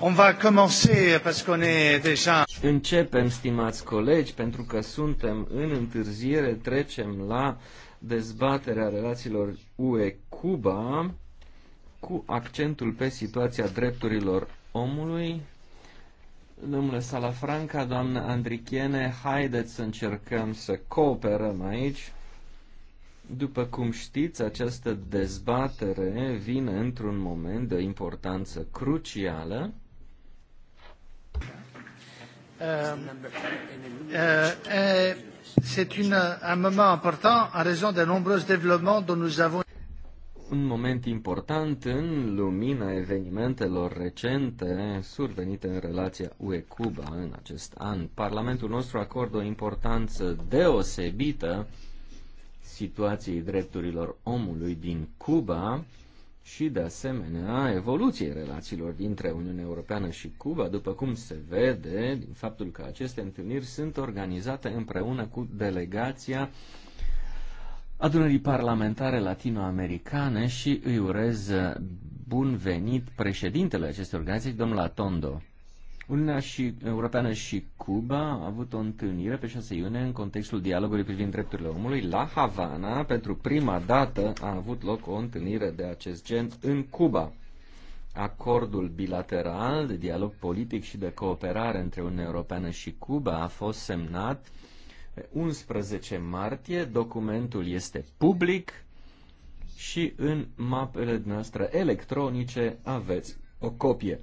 On va commencer parce qu'on est déjà... Începem, stimați colegi, pentru că suntem în întârziere, trecem la dezbaterea relațiilor UE-Cuba cu accentul pe situația drepturilor omului. Domnule Salafranca, doamnă Andrichiene, haideți să încercăm să cooperăm aici. După cum știți, această dezbatere vine într-un moment de importanță crucială Euh, euh, euh, c'est un moment important en raison des nombreux développements dont nous avons un moment important în lumina evenimentelor recente survenite în relația UE-Cuba în acest an. Parlamentul nostru acordă o importanță deosebită situației drepturilor omului din Cuba și, de asemenea, evoluției relațiilor dintre Uniunea Europeană și Cuba, după cum se vede din faptul că aceste întâlniri sunt organizate împreună cu delegația adunării parlamentare latinoamericane și îi urez bun venit președintele acestei organizații, domnul Atondo. Uniunea și, Europeană și Cuba au avut o întâlnire pe 6 iunie în contextul dialogului privind drepturile omului. La Havana, pentru prima dată, a avut loc o întâlnire de acest gen în Cuba. Acordul bilateral de dialog politic și de cooperare între Uniunea Europeană și Cuba a fost semnat pe 11 martie. Documentul este public și în mapele noastre electronice aveți o copie.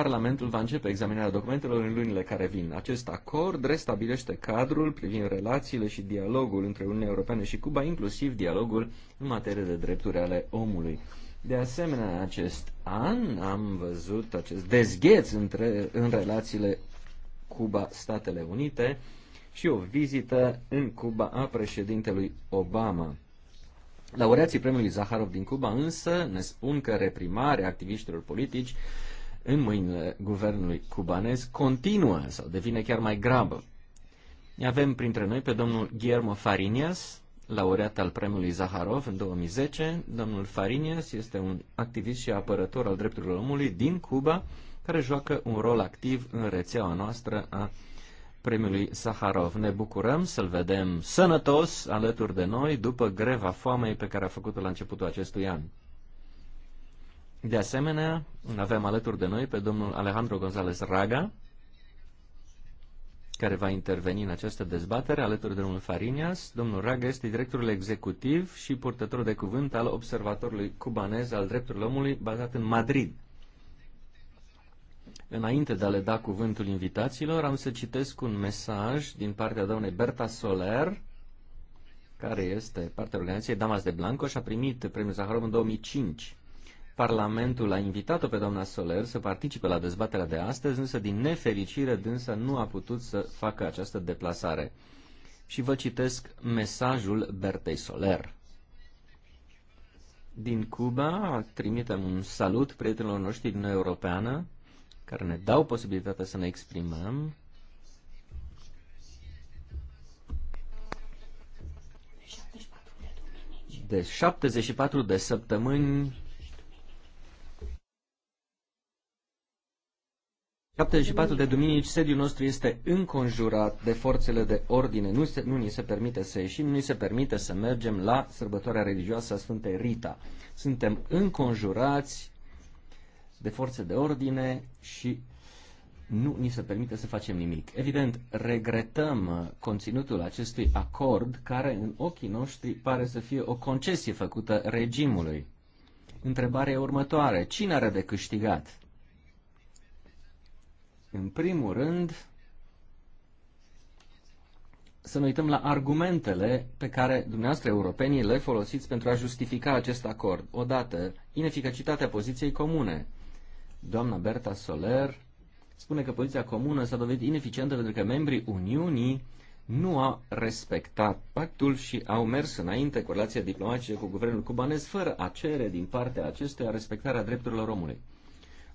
Parlamentul va începe examinarea documentelor în lunile care vin. Acest acord restabilește cadrul privind relațiile și dialogul între Uniunea Europeană și Cuba, inclusiv dialogul în materie de drepturi ale omului. De asemenea, în acest an am văzut acest dezgheț între, în relațiile Cuba-Statele Unite și o vizită în Cuba a președintelui Obama. Laureații premiului Zaharov din Cuba însă ne spun că reprimarea activiștilor politici în mâinile guvernului cubanez continuă sau devine chiar mai grabă. Avem printre noi pe domnul Guillermo Farinias, laureat al premiului Zaharov în 2010. Domnul Farinias este un activist și apărător al drepturilor omului din Cuba, care joacă un rol activ în rețeaua noastră a premiului Saharov. Ne bucurăm să-l vedem sănătos alături de noi după greva foamei pe care a făcut-o la începutul acestui an. De asemenea, avem alături de noi pe domnul Alejandro González Raga, care va interveni în această dezbatere, alături de domnul Farinias. Domnul Raga este directorul executiv și purtător de cuvânt al Observatorului Cubanez al Drepturilor Omului, bazat în Madrid. Înainte de a le da cuvântul invitațiilor, am să citesc un mesaj din partea doamnei Berta Soler, care este partea organizației Damas de Blanco și a primit premiul Zaharov în 2005. Parlamentul a invitat-o pe doamna Soler să participe la dezbaterea de astăzi, însă din nefericire dânsa nu a putut să facă această deplasare. Și vă citesc mesajul Bertei Soler. Din Cuba trimitem un salut prietenilor noștri din Europeană, care ne dau posibilitatea să ne exprimăm. De 74 de săptămâni 74 de duminici sediul nostru este înconjurat de forțele de ordine. Nu, se, nu ni se permite să ieșim, nu ni se permite să mergem la sărbătoarea religioasă a Sfântei Rita. Suntem înconjurați de forțe de ordine și nu ni se permite să facem nimic. Evident, regretăm conținutul acestui acord care în ochii noștri pare să fie o concesie făcută regimului. Întrebarea următoare, cine are de câștigat? În primul rând, să ne uităm la argumentele pe care dumneavoastră europenii le folosiți pentru a justifica acest acord. Odată, ineficacitatea poziției comune. Doamna Berta Soler spune că poziția comună s-a dovedit ineficientă pentru că membrii Uniunii nu au respectat pactul și au mers înainte cu relația diplomatice cu guvernul cubanez fără a cere din partea acestuia respectarea drepturilor omului.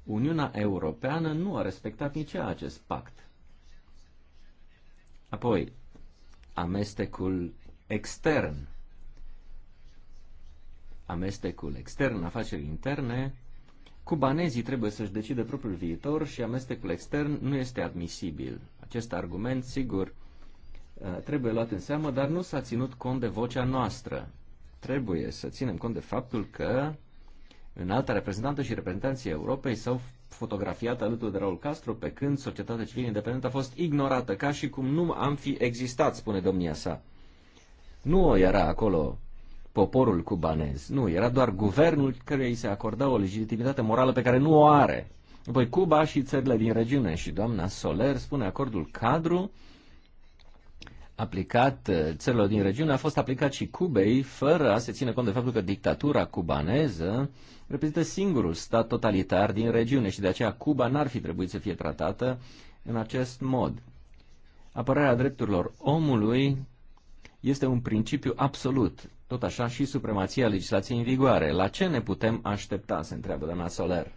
Uniunea Europeană nu a respectat nici acest pact. Apoi, amestecul extern. Amestecul extern, afaceri interne, cubanezii trebuie să-și decide propriul viitor și amestecul extern nu este admisibil. Acest argument, sigur, uh, trebuie luat în seamă, dar nu s-a ținut cont de vocea noastră. Trebuie să ținem cont de faptul că înaltă reprezentantă și reprezentanții Europei s-au fotografiat alături de Raul Castro pe când societatea civilă independentă a fost ignorată, ca și cum nu am fi existat, spune domnia sa. Nu era acolo poporul cubanez, nu, era doar guvernul care îi se acorda o legitimitate morală pe care nu o are. Apoi Cuba și țările din regiune și doamna Soler spune acordul cadru aplicat uh, țărilor din regiune a fost aplicat și Cubei, fără a se ține cont de faptul că dictatura cubaneză reprezintă singurul stat totalitar din regiune și de aceea Cuba n-ar fi trebuit să fie tratată în acest mod. Apărarea drepturilor omului este un principiu absolut, tot așa și supremația legislației în vigoare. La ce ne putem aștepta, se întreabă doamna Soler.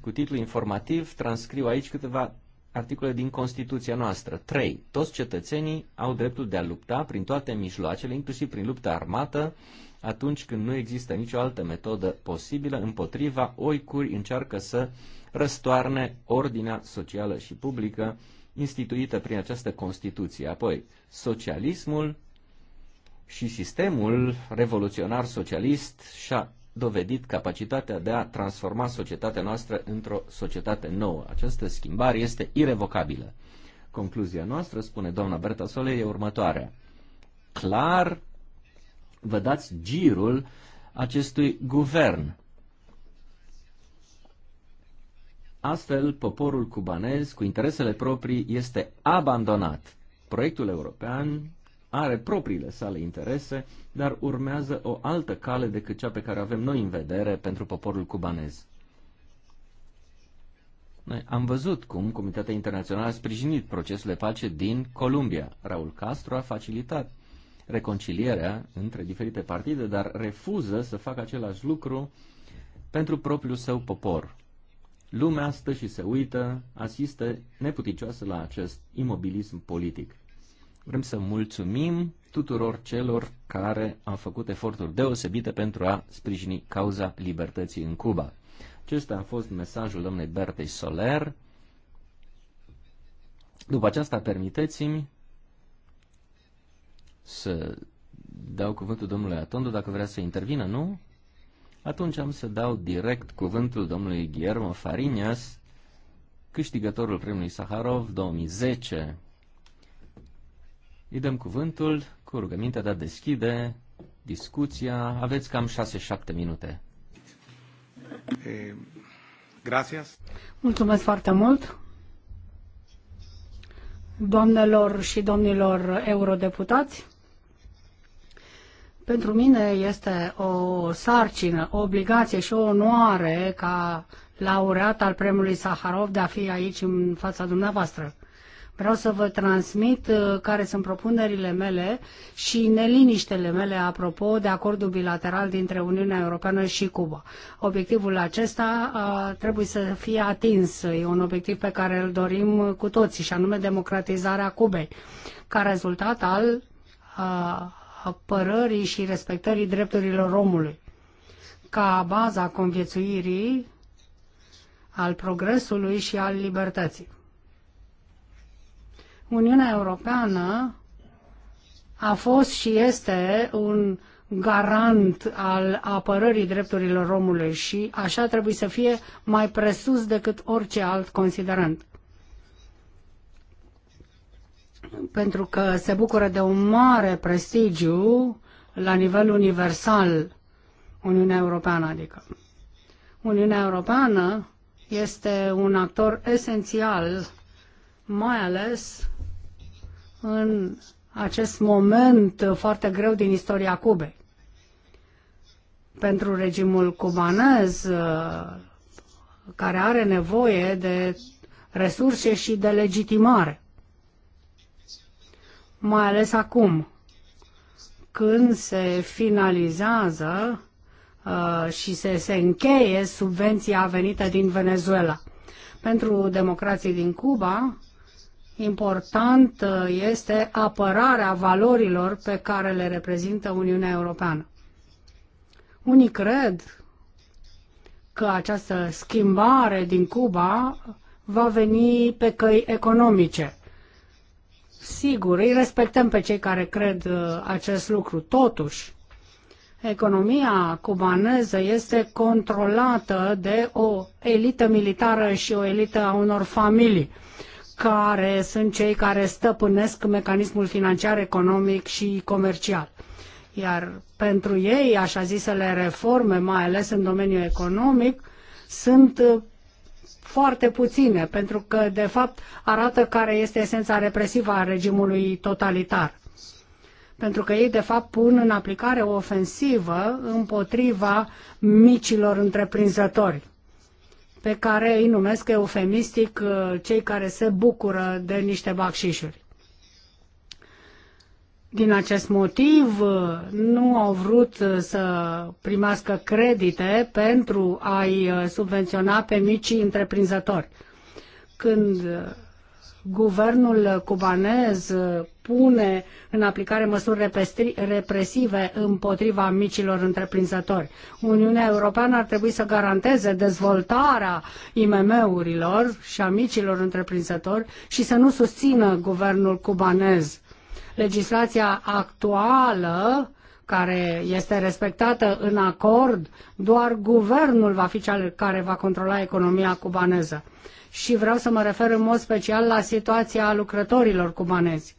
Cu titlu informativ transcriu aici câteva articole din Constituția noastră. 3. Toți cetățenii au dreptul de a lupta prin toate mijloacele, inclusiv prin lupta armată, atunci când nu există nicio altă metodă posibilă împotriva oicuri încearcă să răstoarne ordinea socială și publică instituită prin această Constituție. Apoi, socialismul și sistemul revoluționar socialist și-a dovedit capacitatea de a transforma societatea noastră într-o societate nouă. Această schimbare este irrevocabilă. Concluzia noastră, spune doamna Berta Sole, e următoarea. Clar, vă dați girul acestui guvern. Astfel, poporul cubanez, cu interesele proprii, este abandonat. Proiectul european are propriile sale interese, dar urmează o altă cale decât cea pe care o avem noi în vedere pentru poporul cubanez. Noi am văzut cum Comitatea Internațională a sprijinit procesul de pace din Columbia. Raul Castro a facilitat reconcilierea între diferite partide, dar refuză să facă același lucru pentru propriul său popor. Lumea stă și se uită, asistă neputicioasă la acest imobilism politic. Vrem să mulțumim tuturor celor care au făcut eforturi deosebite pentru a sprijini cauza libertății în Cuba. Acesta a fost mesajul domnului Bertei Soler. După aceasta, permiteți-mi să dau cuvântul domnului Atondu dacă vrea să intervină, nu? Atunci am să dau direct cuvântul domnului Guillermo Farinias, câștigătorul premiului Saharov 2010. Îi dăm cuvântul cu rugămintea de a deschide discuția. Aveți cam 6-7 minute. E, eh, gracias. Mulțumesc foarte mult. Doamnelor și domnilor eurodeputați, pentru mine este o sarcină, o obligație și o onoare ca laureat al premiului Saharov de a fi aici în fața dumneavoastră. Vreau să vă transmit uh, care sunt propunerile mele și neliniștele mele apropo de acordul bilateral dintre Uniunea Europeană și Cuba. Obiectivul acesta uh, trebuie să fie atins. E un obiectiv pe care îl dorim cu toții și anume democratizarea Cubei ca rezultat al uh, apărării și respectării drepturilor omului. Ca baza conviețuirii al progresului și al libertății. Uniunea Europeană a fost și este un garant al apărării drepturilor omului și așa trebuie să fie mai presus decât orice alt considerant. Pentru că se bucură de un mare prestigiu la nivel universal Uniunea Europeană, adică. Uniunea Europeană este un actor esențial mai ales în acest moment foarte greu din istoria Cubei. Pentru regimul cubanez, uh, care are nevoie de resurse și de legitimare. Mai ales acum, când se finalizează uh, și se, se încheie subvenția venită din Venezuela. Pentru democrații din Cuba, Important uh, este apărarea valorilor pe care le reprezintă Uniunea Europeană. Unii cred că această schimbare din Cuba va veni pe căi economice. Sigur, îi respectăm pe cei care cred uh, acest lucru. Totuși, economia cubaneză este controlată de o elită militară și o elită a unor familii care sunt cei care stăpânesc mecanismul financiar, economic și comercial. Iar pentru ei, așa zisele reforme, mai ales în domeniul economic, sunt uh, foarte puține, pentru că, de fapt, arată care este esența represivă a regimului totalitar. Pentru că ei, de fapt, pun în aplicare o ofensivă împotriva micilor întreprinzători pe care îi numesc eufemistic uh, cei care se bucură de niște bacșișuri. Din acest motiv uh, nu au vrut uh, să primească credite pentru a-i subvenționa pe micii întreprinzători. Când guvernul cubanez pune în aplicare măsuri represive împotriva micilor întreprinzători. Uniunea Europeană ar trebui să garanteze dezvoltarea IMM-urilor și a micilor întreprinzători și să nu susțină guvernul cubanez. Legislația actuală care este respectată în acord, doar guvernul va fi cel care va controla economia cubaneză și vreau să mă refer în mod special la situația lucrătorilor cubanezi.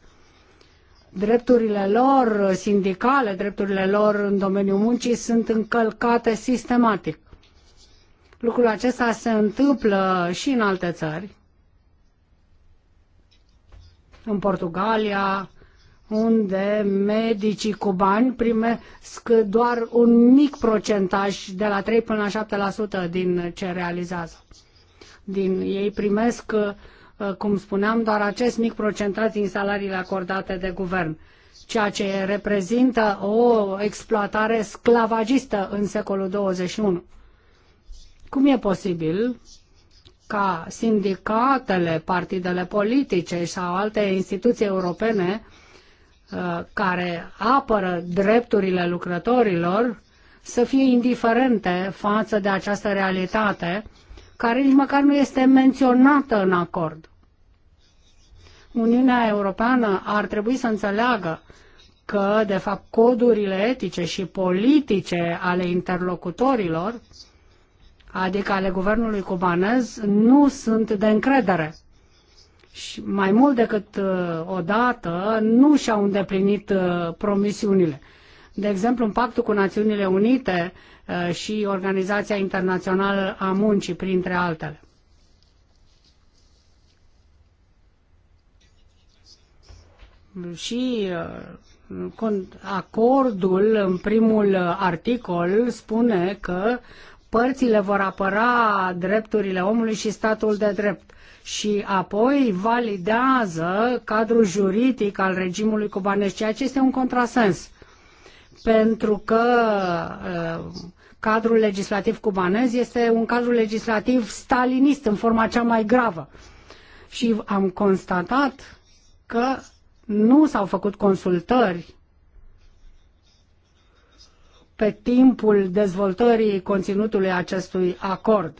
Drepturile lor sindicale, drepturile lor în domeniul muncii sunt încălcate sistematic. Lucrul acesta se întâmplă și în alte țări, în Portugalia, unde medicii cubani primesc doar un mic procentaj de la 3 până la 7% din ce realizează din ei primesc, uh, cum spuneam, doar acest mic procentaj din salariile acordate de guvern, ceea ce reprezintă o exploatare sclavagistă în secolul 21. Cum e posibil ca sindicatele, partidele politice sau alte instituții europene uh, care apără drepturile lucrătorilor să fie indiferente față de această realitate care nici măcar nu este menționată în acord. Uniunea Europeană ar trebui să înțeleagă că, de fapt, codurile etice și politice ale interlocutorilor, adică ale guvernului cubanez, nu sunt de încredere. Și mai mult decât uh, odată, nu și-au îndeplinit uh, promisiunile. De exemplu, în pactul cu Națiunile Unite Uh, și Organizația Internațională a Muncii, printre altele. Și uh, acordul, în primul articol, spune că părțile vor apăra drepturile omului și statul de drept și apoi validează cadrul juridic al regimului cubanesc, ceea ce este un contrasens. Pentru că uh, Cadrul legislativ cubanez este un cadru legislativ stalinist în forma cea mai gravă. Și am constatat că nu s-au făcut consultări pe timpul dezvoltării conținutului acestui acord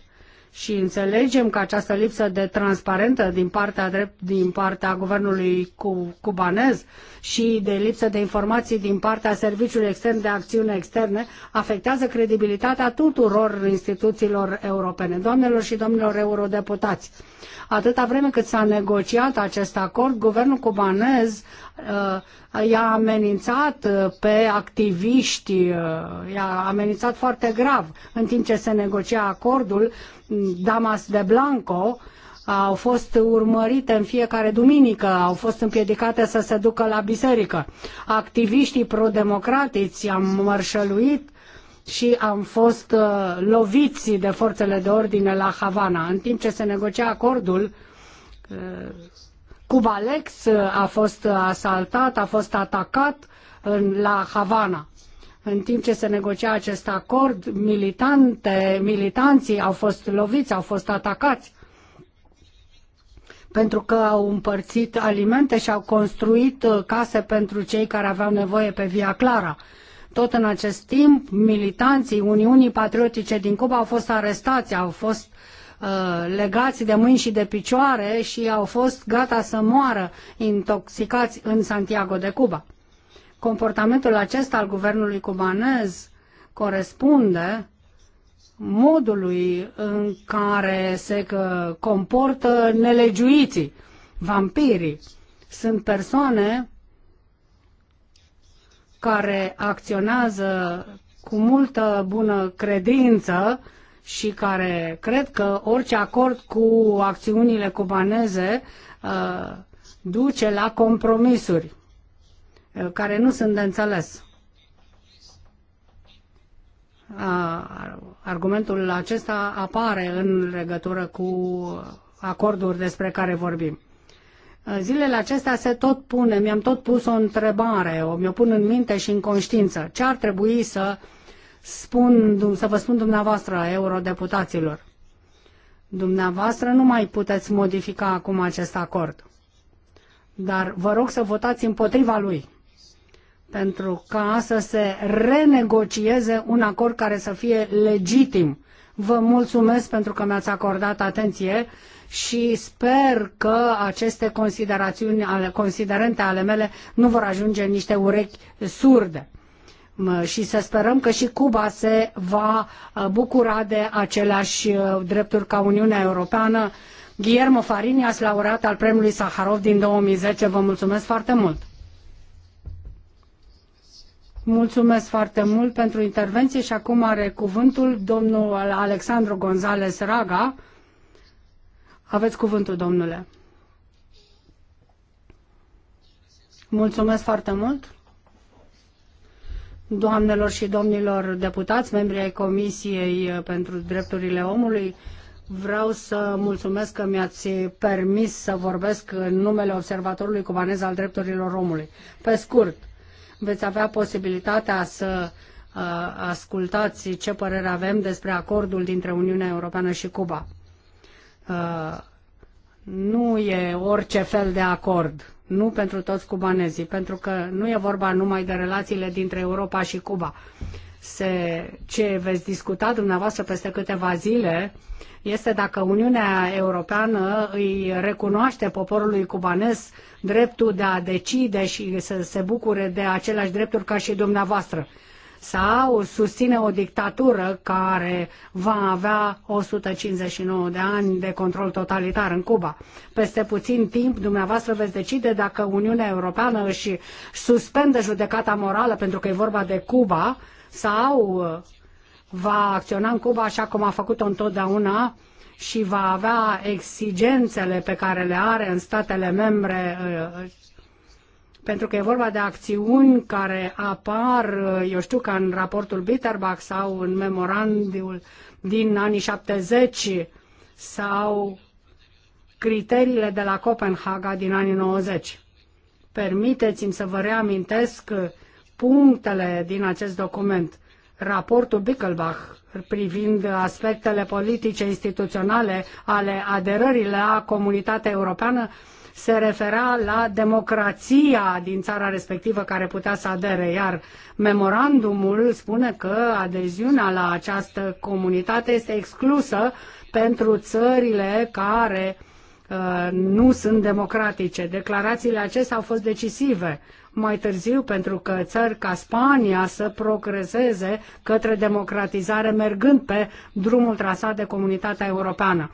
și înțelegem că această lipsă de transparentă din partea, drept, din partea guvernului cu, cubanez și de lipsă de informații din partea Serviciului Extern de Acțiune Externe afectează credibilitatea tuturor instituțiilor europene, doamnelor și domnilor eurodeputați. Atâta vreme cât s-a negociat acest acord, guvernul cubanez Uh, i-a amenințat uh, pe activiști, uh, i-a amenințat foarte grav în timp ce se negocia acordul Damas de Blanco, au fost urmărite în fiecare duminică, au fost împiedicate să se ducă la biserică. Activiștii pro-democratici am mărșăluit și am fost uh, loviți de forțele de ordine la Havana. În timp ce se negocia acordul, uh, Cubalex a fost asaltat, a fost atacat în, la Havana. În timp ce se negocia acest acord, militante, militanții au fost loviți, au fost atacați pentru că au împărțit alimente și au construit uh, case pentru cei care aveau nevoie pe Via Clara. Tot în acest timp, militanții Uniunii Patriotice din Cuba au fost arestați, au fost Uh, legați de mâini și de picioare și au fost gata să moară intoxicați în Santiago de Cuba. Comportamentul acesta al guvernului cubanez corespunde modului în care se uh, comportă nelegiuiții, vampirii. Sunt persoane care acționează cu multă bună credință și care cred că orice acord cu acțiunile cubaneze uh, duce la compromisuri uh, care nu sunt de înțeles. Uh, argumentul acesta apare în legătură cu acorduri despre care vorbim. Uh, zilele acestea se tot pune, mi-am tot pus o întrebare, o mi-o pun în minte și în conștiință. Ce ar trebui să uh, spun, să vă spun dumneavoastră, eurodeputaților. Dumneavoastră nu mai puteți modifica acum acest acord. Dar vă rog să votați împotriva lui pentru ca să se renegocieze un acord care să fie legitim. Vă mulțumesc pentru că mi-ați acordat atenție și sper că aceste considerațiuni ale, considerente ale mele nu vor ajunge în niște urechi surde și să sperăm că și Cuba se va uh, bucura de aceleași uh, drepturi ca Uniunea Europeană. Guillermo Farinias, laureat al premiului Saharov din 2010, vă mulțumesc foarte mult! Mulțumesc foarte mult pentru intervenție și acum are cuvântul domnul Alexandru González Raga. Aveți cuvântul, domnule. Mulțumesc foarte mult doamnelor și domnilor deputați, membri ai Comisiei eh, pentru Drepturile Omului. Vreau să mulțumesc că mi-ați permis să vorbesc în numele Observatorului Cubanez al Drepturilor Omului. Pe scurt, veți avea posibilitatea să eh, ascultați ce părere avem despre acordul dintre Uniunea Europeană și Cuba. Eh, nu e orice fel de acord, nu pentru toți cubanezii, pentru că nu e vorba numai de relațiile dintre Europa și Cuba. Se, ce veți discuta dumneavoastră peste câteva zile este dacă Uniunea Europeană îi recunoaște poporului cubanez dreptul de a decide și să se bucure de aceleași drepturi ca și dumneavoastră sau susține o dictatură care va avea 159 de ani de control totalitar în Cuba. Peste puțin timp, dumneavoastră veți decide dacă Uniunea Europeană își suspendă judecata morală pentru că e vorba de Cuba sau uh, va acționa în Cuba așa cum a făcut-o întotdeauna și va avea exigențele pe care le are în statele membre uh, pentru că e vorba de acțiuni care apar, eu știu, ca în raportul Bitterbach sau în memorandul din anii 70 sau criteriile de la Copenhaga din anii 90. Permiteți-mi să vă reamintesc punctele din acest document. Raportul Bickelbach privind aspectele politice instituționale ale aderării la comunitatea europeană se refera la democrația din țara respectivă care putea să adere, iar memorandumul spune că adeziunea la această comunitate este exclusă pentru țările care uh, nu sunt democratice. Declarațiile acestea au fost decisive mai târziu pentru că țări ca Spania să progreseze către democratizare mergând pe drumul trasat de comunitatea europeană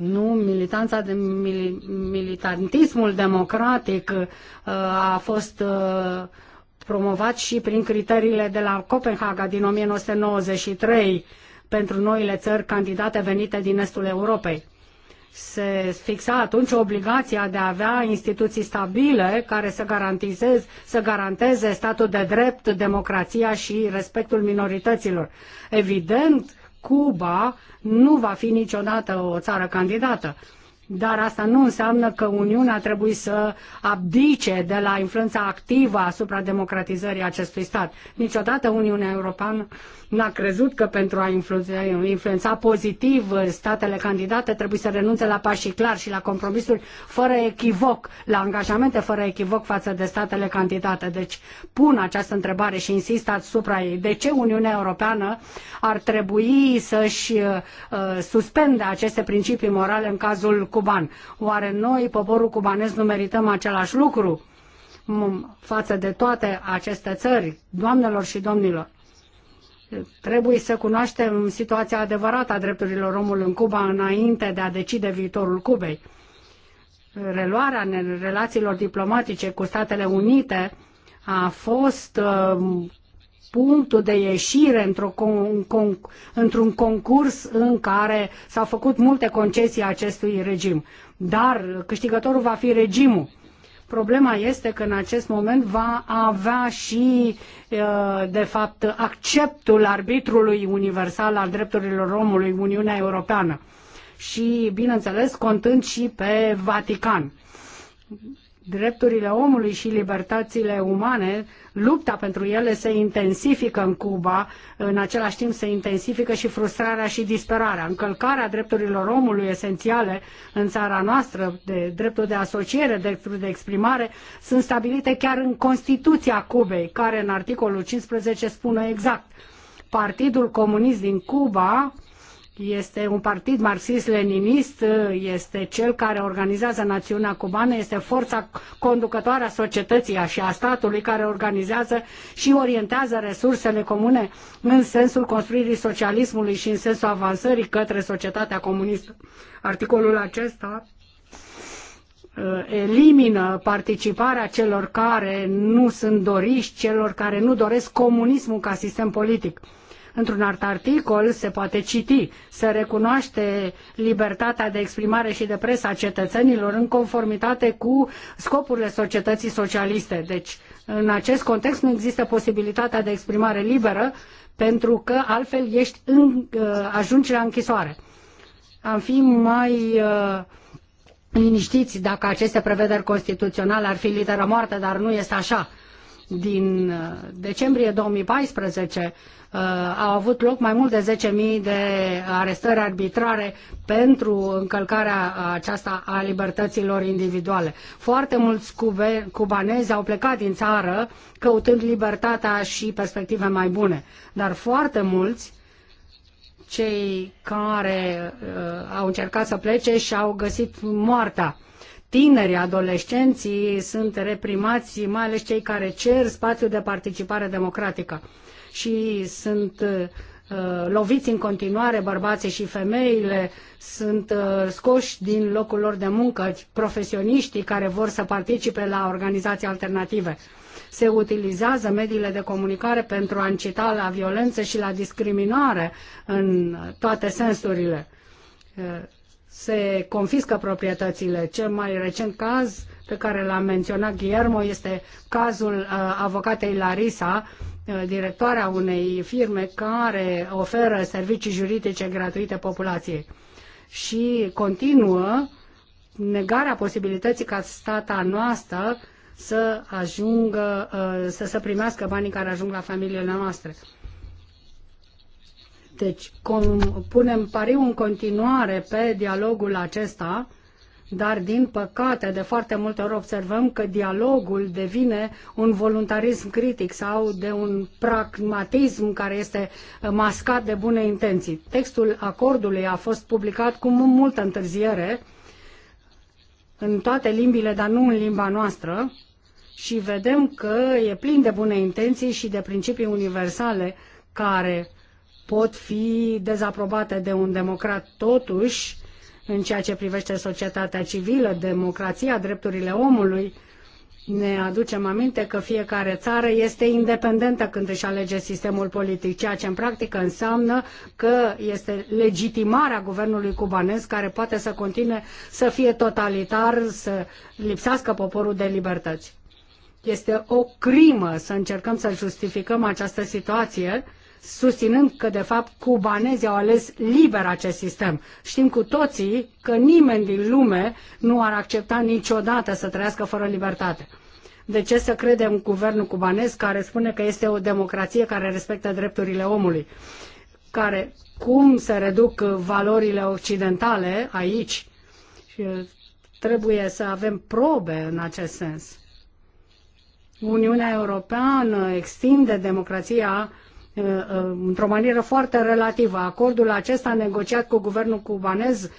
nu, militanța de mil, militantismul democratic uh, a fost uh, promovat și prin criteriile de la Copenhaga din 1993 pentru noile țări candidate venite din estul Europei. Se fixa atunci obligația de a avea instituții stabile care să garanteze, să garanteze statul de drept, democrația și respectul minorităților. Evident, Cuba nu va fi niciodată o țară candidată. Dar asta nu înseamnă că Uniunea trebuie să abdice de la influența activă asupra democratizării acestui stat. Niciodată Uniunea Europeană n-a crezut că pentru a influența, influența pozitiv statele candidate trebuie să renunțe la pașii clari și la compromisuri fără echivoc, la angajamente fără echivoc față de statele candidate. Deci pun această întrebare și insist asupra ei. De ce Uniunea Europeană ar trebui să-și uh, suspende aceste principii morale în cazul cuban? Oare noi, poporul cubanez, nu merităm același lucru? față de toate aceste țări, doamnelor și domnilor. Trebuie să cunoaștem situația adevărată a drepturilor omului în Cuba înainte de a decide viitorul Cubei. Reluarea relațiilor diplomatice cu Statele Unite a fost uh, punctul de ieșire într-un concurs în care s-au făcut multe concesii acestui regim. Dar câștigătorul va fi regimul Problema este că în acest moment va avea și, uh, de fapt, acceptul arbitrului universal al drepturilor omului Uniunea Europeană și, bineînțeles, contând și pe Vatican drepturile omului și libertățile umane, lupta pentru ele se intensifică în Cuba, în același timp se intensifică și frustrarea și disperarea. Încălcarea drepturilor omului esențiale în țara noastră, de dreptul de asociere, dreptul de exprimare, sunt stabilite chiar în Constituția Cubei, care în articolul 15 spune exact. Partidul Comunist din Cuba este un partid marxist-leninist, este cel care organizează națiunea cubană, este forța conducătoare a societății și a statului care organizează și orientează resursele comune în sensul construirii socialismului și în sensul avansării către societatea comunistă. Articolul acesta uh, elimină participarea celor care nu sunt doriști, celor care nu doresc comunismul ca sistem politic într-un alt articol se poate citi să recunoaște libertatea de exprimare și de presă a cetățenilor în conformitate cu scopurile societății socialiste. Deci, în acest context nu există posibilitatea de exprimare liberă pentru că altfel ești în, uh, ajungi la închisoare. Am fi mai uh, liniștiți dacă aceste prevederi constituționale ar fi literă moartă, dar nu este așa din uh, decembrie 2014 uh, au avut loc mai mult de 10.000 de arestări arbitrare pentru încălcarea aceasta a libertăților individuale. Foarte mulți cube, cubanezi au plecat din țară căutând libertatea și perspective mai bune, dar foarte mulți cei care uh, au încercat să plece și au găsit moartea tinerii, adolescenții sunt reprimați, mai ales cei care cer spațiu de participare democratică și sunt uh, loviți în continuare bărbații și femeile, sunt uh, scoși din locul lor de muncă profesioniștii care vor să participe la organizații alternative. Se utilizează mediile de comunicare pentru a încita la violență și la discriminare în toate sensurile. Uh, se confiscă proprietățile. Cel mai recent caz pe care l-a menționat Guillermo este cazul uh, avocatei Larisa, uh, directoarea unei firme care oferă servicii juridice gratuite populației. Și continuă negarea posibilității ca stata noastră să ajungă, uh, să, să primească banii care ajung la familiile noastre. Deci com, punem pariu în continuare pe dialogul acesta, dar din păcate de foarte multe ori observăm că dialogul devine un voluntarism critic sau de un pragmatism care este mascat de bune intenții. Textul acordului a fost publicat cu multă întârziere în toate limbile, dar nu în limba noastră și vedem că e plin de bune intenții și de principii universale care pot fi dezaprobate de un democrat totuși, în ceea ce privește societatea civilă, democrația, drepturile omului, ne aducem aminte că fiecare țară este independentă când își alege sistemul politic, ceea ce în practică înseamnă că este legitimarea guvernului cubanez care poate să continue să fie totalitar, să lipsească poporul de libertăți. Este o crimă să încercăm să justificăm această situație susținând că, de fapt, cubanezii au ales liber acest sistem. Știm cu toții că nimeni din lume nu ar accepta niciodată să trăiască fără libertate. De ce să credem guvernul cubanez care spune că este o democrație care respectă drepturile omului? Care, cum se reduc valorile occidentale aici? Și uh, trebuie să avem probe în acest sens. Uniunea Europeană extinde democrația Uh, uh, într-o manieră foarte relativă. Acordul acesta negociat cu guvernul cubanez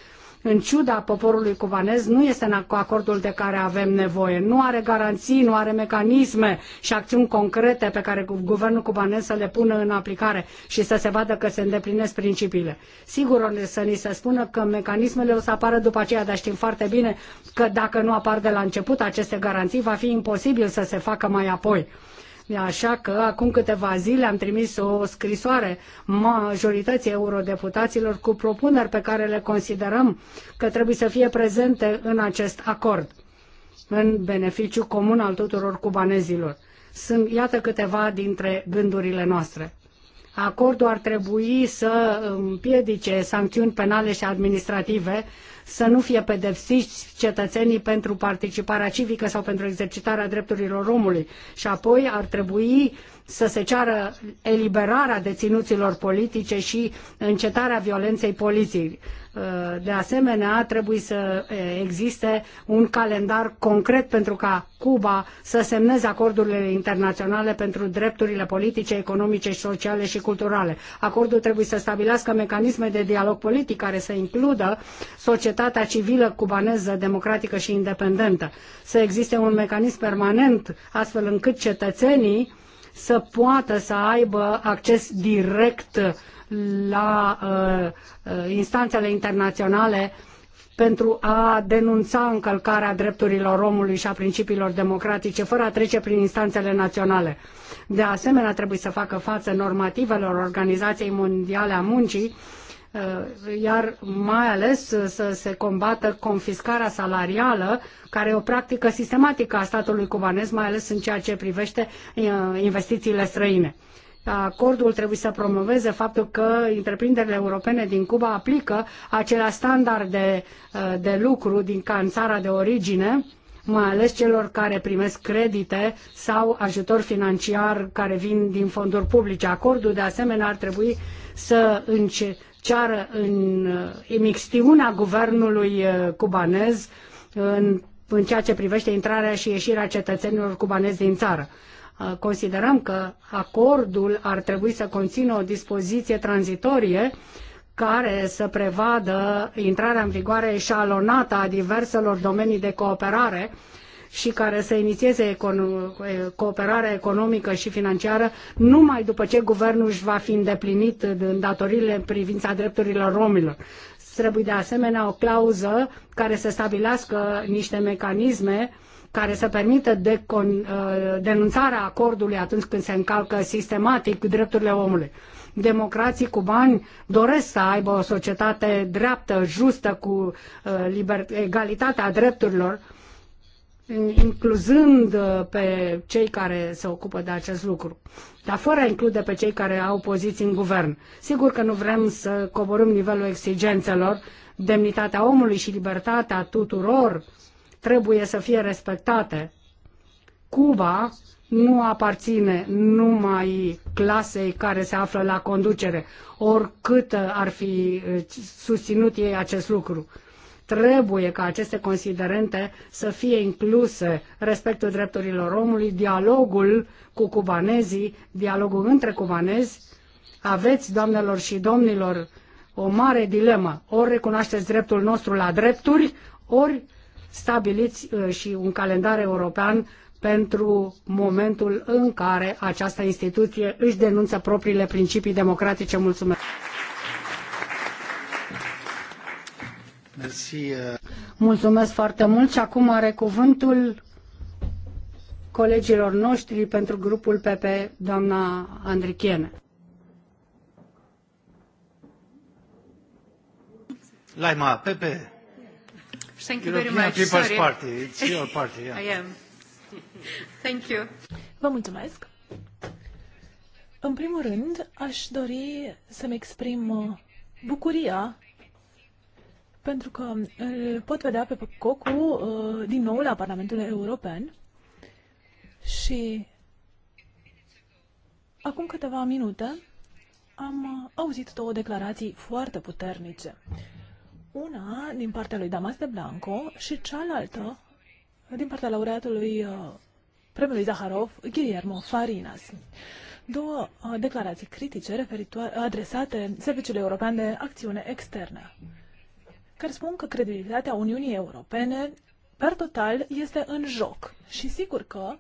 în ciuda poporului cubanez, nu este cu acordul de care avem nevoie. Nu are garanții, nu are mecanisme și acțiuni concrete pe care guvernul cubanez să le pună în aplicare și să se vadă că se îndeplinesc principiile. Sigur o să ni se spună că mecanismele o să apară după aceea, dar știm foarte bine că dacă nu apar de la început aceste garanții, va fi imposibil să se facă mai apoi. Așa că acum câteva zile am trimis o scrisoare majorității eurodeputaților cu propuneri pe care le considerăm că trebuie să fie prezente în acest acord, în beneficiu comun al tuturor cubanezilor. Sunt, iată câteva dintre gândurile noastre. Acordul ar trebui să împiedice sancțiuni penale și administrative să nu fie pedepsiți cetățenii pentru participarea civică sau pentru exercitarea drepturilor omului. Și apoi ar trebui să se ceară eliberarea deținuților politice și încetarea violenței poliției. De asemenea, trebuie să existe un calendar concret pentru ca Cuba să semneze acordurile internaționale pentru drepturile politice, economice, sociale și culturale. Acordul trebuie să stabilească mecanisme de dialog politic care să includă societatea societatea civilă cubaneză, democratică și independentă. Să existe un mecanism permanent, astfel încât cetățenii să poată să aibă acces direct la uh, uh, instanțele internaționale pentru a denunța încălcarea drepturilor omului și a principiilor democratice, fără a trece prin instanțele naționale. De asemenea, trebuie să facă față normativelor Organizației Mondiale a Muncii Uh, iar mai ales uh, să se combată confiscarea salarială, care e o practică sistematică a statului cubanez, mai ales în ceea ce privește uh, investițiile străine. Acordul trebuie să promoveze faptul că întreprinderile europene din Cuba aplică aceleași standarde de, de lucru din ca în țara de origine, mai ales celor care primesc credite sau ajutor financiar care vin din fonduri publice. Acordul, de asemenea, ar trebui să, înce- ceară în imixtiunea uh, guvernului uh, cubanez în, în ceea ce privește intrarea și ieșirea cetățenilor cubanezi din țară. Uh, considerăm că acordul ar trebui să conțină o dispoziție tranzitorie care să prevadă intrarea în vigoare eșalonată a diverselor domenii de cooperare uh, și care să inițieze cooperarea economică și financiară numai după ce guvernul își va fi îndeplinit datoriile în privința drepturilor romilor. Trebuie de asemenea o clauză care să stabilească niște mecanisme care să permită decon, uh, denunțarea acordului atunci când se încalcă sistematic drepturile omului. Democrații cu bani doresc să aibă o societate dreaptă, justă, cu uh, egalitatea drepturilor incluzând uh, pe cei care se ocupă de acest lucru, dar fără a include pe cei care au poziții în guvern. Sigur că nu vrem să coborâm nivelul exigențelor, demnitatea omului și libertatea tuturor trebuie să fie respectate. Cuba nu aparține numai clasei care se află la conducere, oricât ar fi uh, susținut ei acest lucru. Trebuie ca aceste considerente să fie incluse respectul drepturilor omului, dialogul cu cubanezii, dialogul între cubanezi. Aveți, doamnelor și domnilor, o mare dilemă. Ori recunoașteți dreptul nostru la drepturi, ori stabiliți uh, și un calendar european pentru momentul în care această instituție își denunță propriile principii democratice. Mulțumesc! Uh, mulțumesc foarte mult și acum are cuvântul colegilor noștri pentru grupul PP, doamna Andrichiene. Laima, PP. Thank you very much. People's Sorry. Party. It's your party. Yeah. I am. Thank you. Vă mulțumesc. În primul rând, aș dori să-mi exprim uh, bucuria pentru că îl pot vedea pe Cocu uh, din nou la Parlamentul European și acum câteva minute am uh, auzit două declarații foarte puternice. Una din partea lui Damas de Blanco și cealaltă din partea laureatului uh, premiului Zaharov, Guillermo Farinas. Două declarații critice referitoare adresate Serviciului European de Acțiune Externă care spun că credibilitatea Uniunii Europene, per total, este în joc. Și sigur că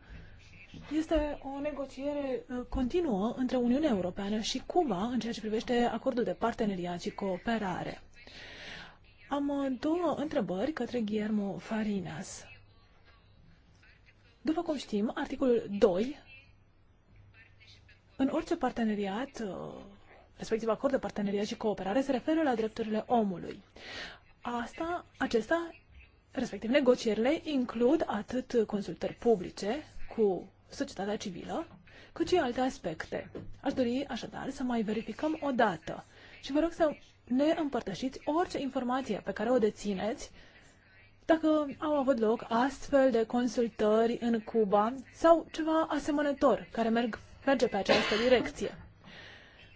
este o negociere uh, continuă între Uniunea Europeană și Cuba în ceea ce privește acordul de parteneriat și cooperare. Am uh, două întrebări către Guillermo Farinas. După cum știm, articolul 2, în orice parteneriat, uh, respectiv acord de parteneriat și cooperare, se referă la drepturile omului. Asta, acesta, respectiv negocierile, includ atât consultări publice cu societatea civilă, cât și alte aspecte. Aș dori așadar să mai verificăm o dată și vă rog să ne împărtășiți orice informație pe care o dețineți dacă au avut loc astfel de consultări în Cuba sau ceva asemănător care merg, merge pe această direcție.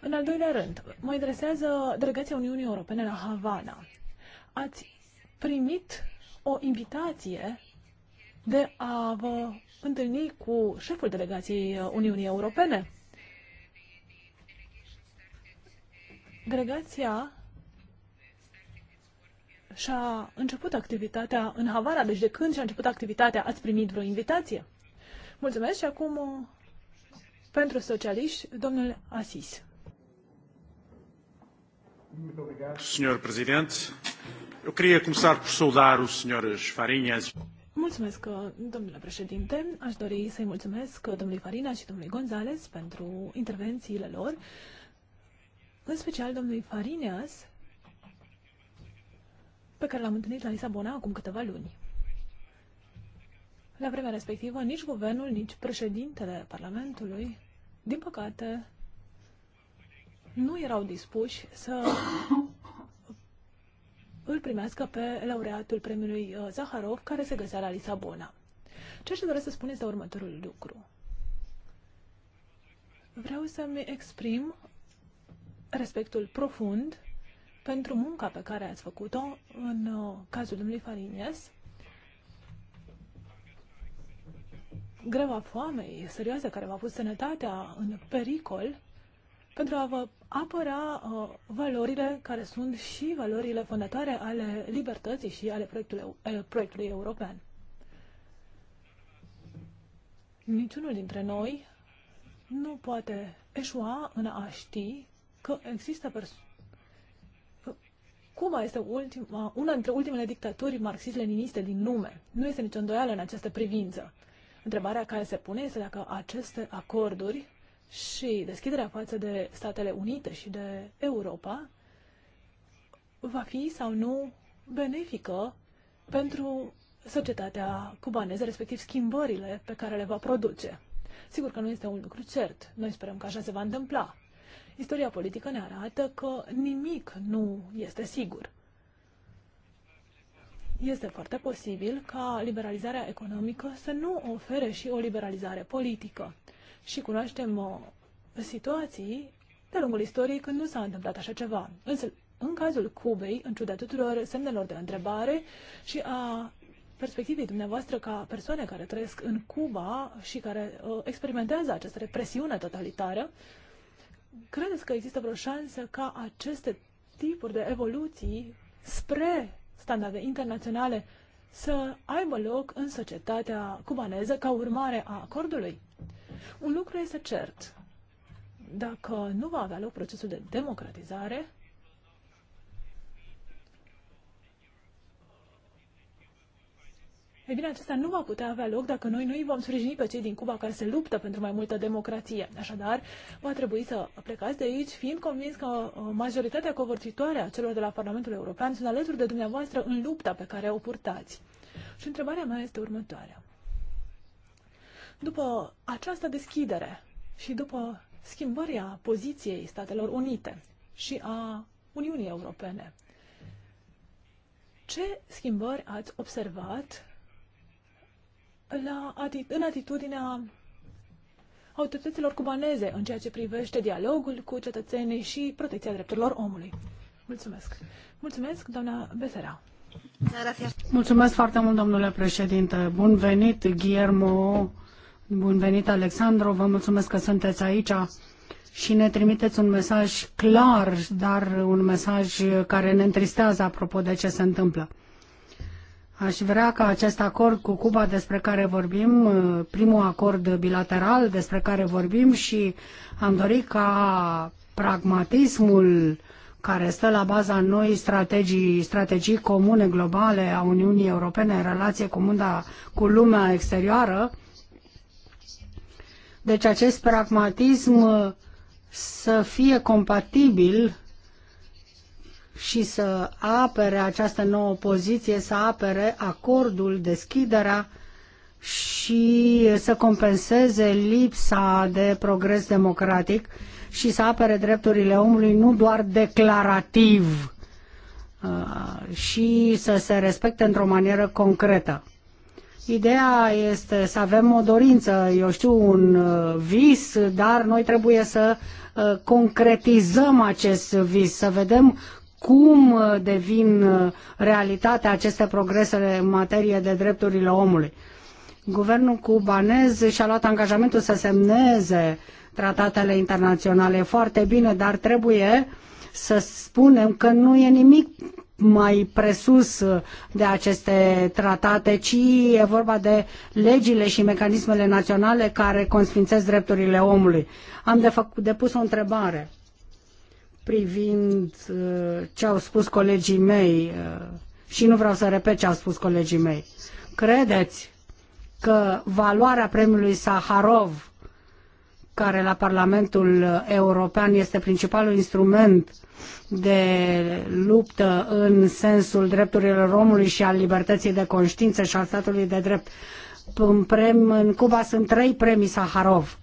În al doilea rând, mă interesează delegația Uniunii Europene la Havana ați primit o invitație de a vă întâlni cu șeful delegației Uniunii Europene. Delegația și-a început activitatea în Havara, deci de când și-a început activitatea ați primit vreo invitație? Mulțumesc și acum pentru socialiști, domnul Asis. Senhor Presidente, eu queria começar por saudar o Sr. Farinhas. Mulțumesc, uh, domnule președinte. Aș dori să-i mulțumesc uh, domnului Farina și domnului Gonzales pentru intervențiile lor, în special domnului Farinas, pe care l-am întâlnit la Lisabona acum câteva luni. La vremea respectivă, nici guvernul, nici președintele Parlamentului, din păcate, nu erau dispuși să îl primească pe laureatul premiului uh, Zaharov, care se găsea la Lisabona. Ceea ce doresc să spun este următorul lucru. Vreau să-mi exprim respectul profund pentru munca pe care ați făcut-o în uh, cazul domnului Farinies. Greva foamei serioasă care v-a pus sănătatea în pericol pentru a vă apăra uh, valorile care sunt și valorile fondatoare ale libertății și ale proiectului, uh, proiectului european. Niciunul dintre noi nu poate eșua în a ști că există persoane Cuba este ultima, una dintre ultimele dictaturi marxist-leniniste din lume. Nu este nicio îndoială în această privință. Întrebarea care se pune este dacă aceste acorduri și deschiderea față de Statele Unite și de Europa va fi sau nu benefică pentru societatea cubaneză, respectiv schimbările pe care le va produce. Sigur că nu este un lucru cert. Noi sperăm că așa se va întâmpla. Istoria politică ne arată că nimic nu este sigur. Este foarte posibil ca liberalizarea economică să nu ofere și o liberalizare politică și cunoaștem uh, situații de-a lungul istoriei când nu s-a întâmplat așa ceva. Însă, în cazul Cubei, în ciuda tuturor semnelor de întrebare și a perspectivei dumneavoastră ca persoane care trăiesc în Cuba și care uh, experimentează această represiune totalitară, credeți că există vreo șansă ca aceste tipuri de evoluții spre standarde internaționale să aibă loc în societatea cubaneză ca urmare a acordului? Un lucru este cert. Dacă nu va avea loc procesul de democratizare, E bine, acesta nu va putea avea loc dacă noi nu îi vom sprijini pe cei din Cuba care se luptă pentru mai multă democrație. Așadar, va trebui să plecați de aici, fiind convins că uh, majoritatea covârțitoare a celor de la Parlamentul European sunt alături de dumneavoastră în lupta pe care o purtați. Și întrebarea mea este următoarea. După această deschidere și după schimbarea poziției Statelor Unite și a Uniunii Europene, ce schimbări ați observat la în atitudinea autorităților cubaneze în ceea ce privește dialogul cu cetățenii și protecția drepturilor omului? Mulțumesc. Mulțumesc, doamna Besera. Mulțumesc foarte mult, domnule președinte. Bun venit, Guillermo Bun venit, Alexandru, vă mulțumesc că sunteți aici și ne trimiteți un mesaj clar, dar un mesaj care ne întristează apropo de ce se întâmplă. Aș vrea ca acest acord cu Cuba despre care vorbim, primul acord bilateral despre care vorbim și am dorit ca pragmatismul care stă la baza noi strategii, strategii comune globale a Uniunii Europene în relație cu, munda, cu lumea exterioară, deci acest pragmatism uh, să fie compatibil și să apere această nouă poziție, să apere acordul, deschiderea și să compenseze lipsa de progres democratic și să apere drepturile omului nu doar declarativ uh, și să se respecte într-o manieră concretă. Ideea este să avem o dorință, eu știu, un uh, vis, dar noi trebuie să uh, concretizăm acest vis, să vedem cum uh, devin realitate aceste progrese în materie de drepturile omului. Guvernul cubanez și-a luat angajamentul să semneze tratatele internaționale foarte bine, dar trebuie uh, să spunem că nu e nimic mai presus de aceste tratate, ci e vorba de legile și mecanismele naționale care consfințesc drepturile omului. Am de făcut, depus o întrebare privind uh, ce au spus colegii mei uh, și nu vreau să repet ce au spus colegii mei. Credeți că valoarea premiului Saharov care la Parlamentul European este principalul instrument de luptă în sensul drepturilor omului și al libertății de conștiință și al statului de drept. În, prem, în Cuba sunt trei premii Saharov.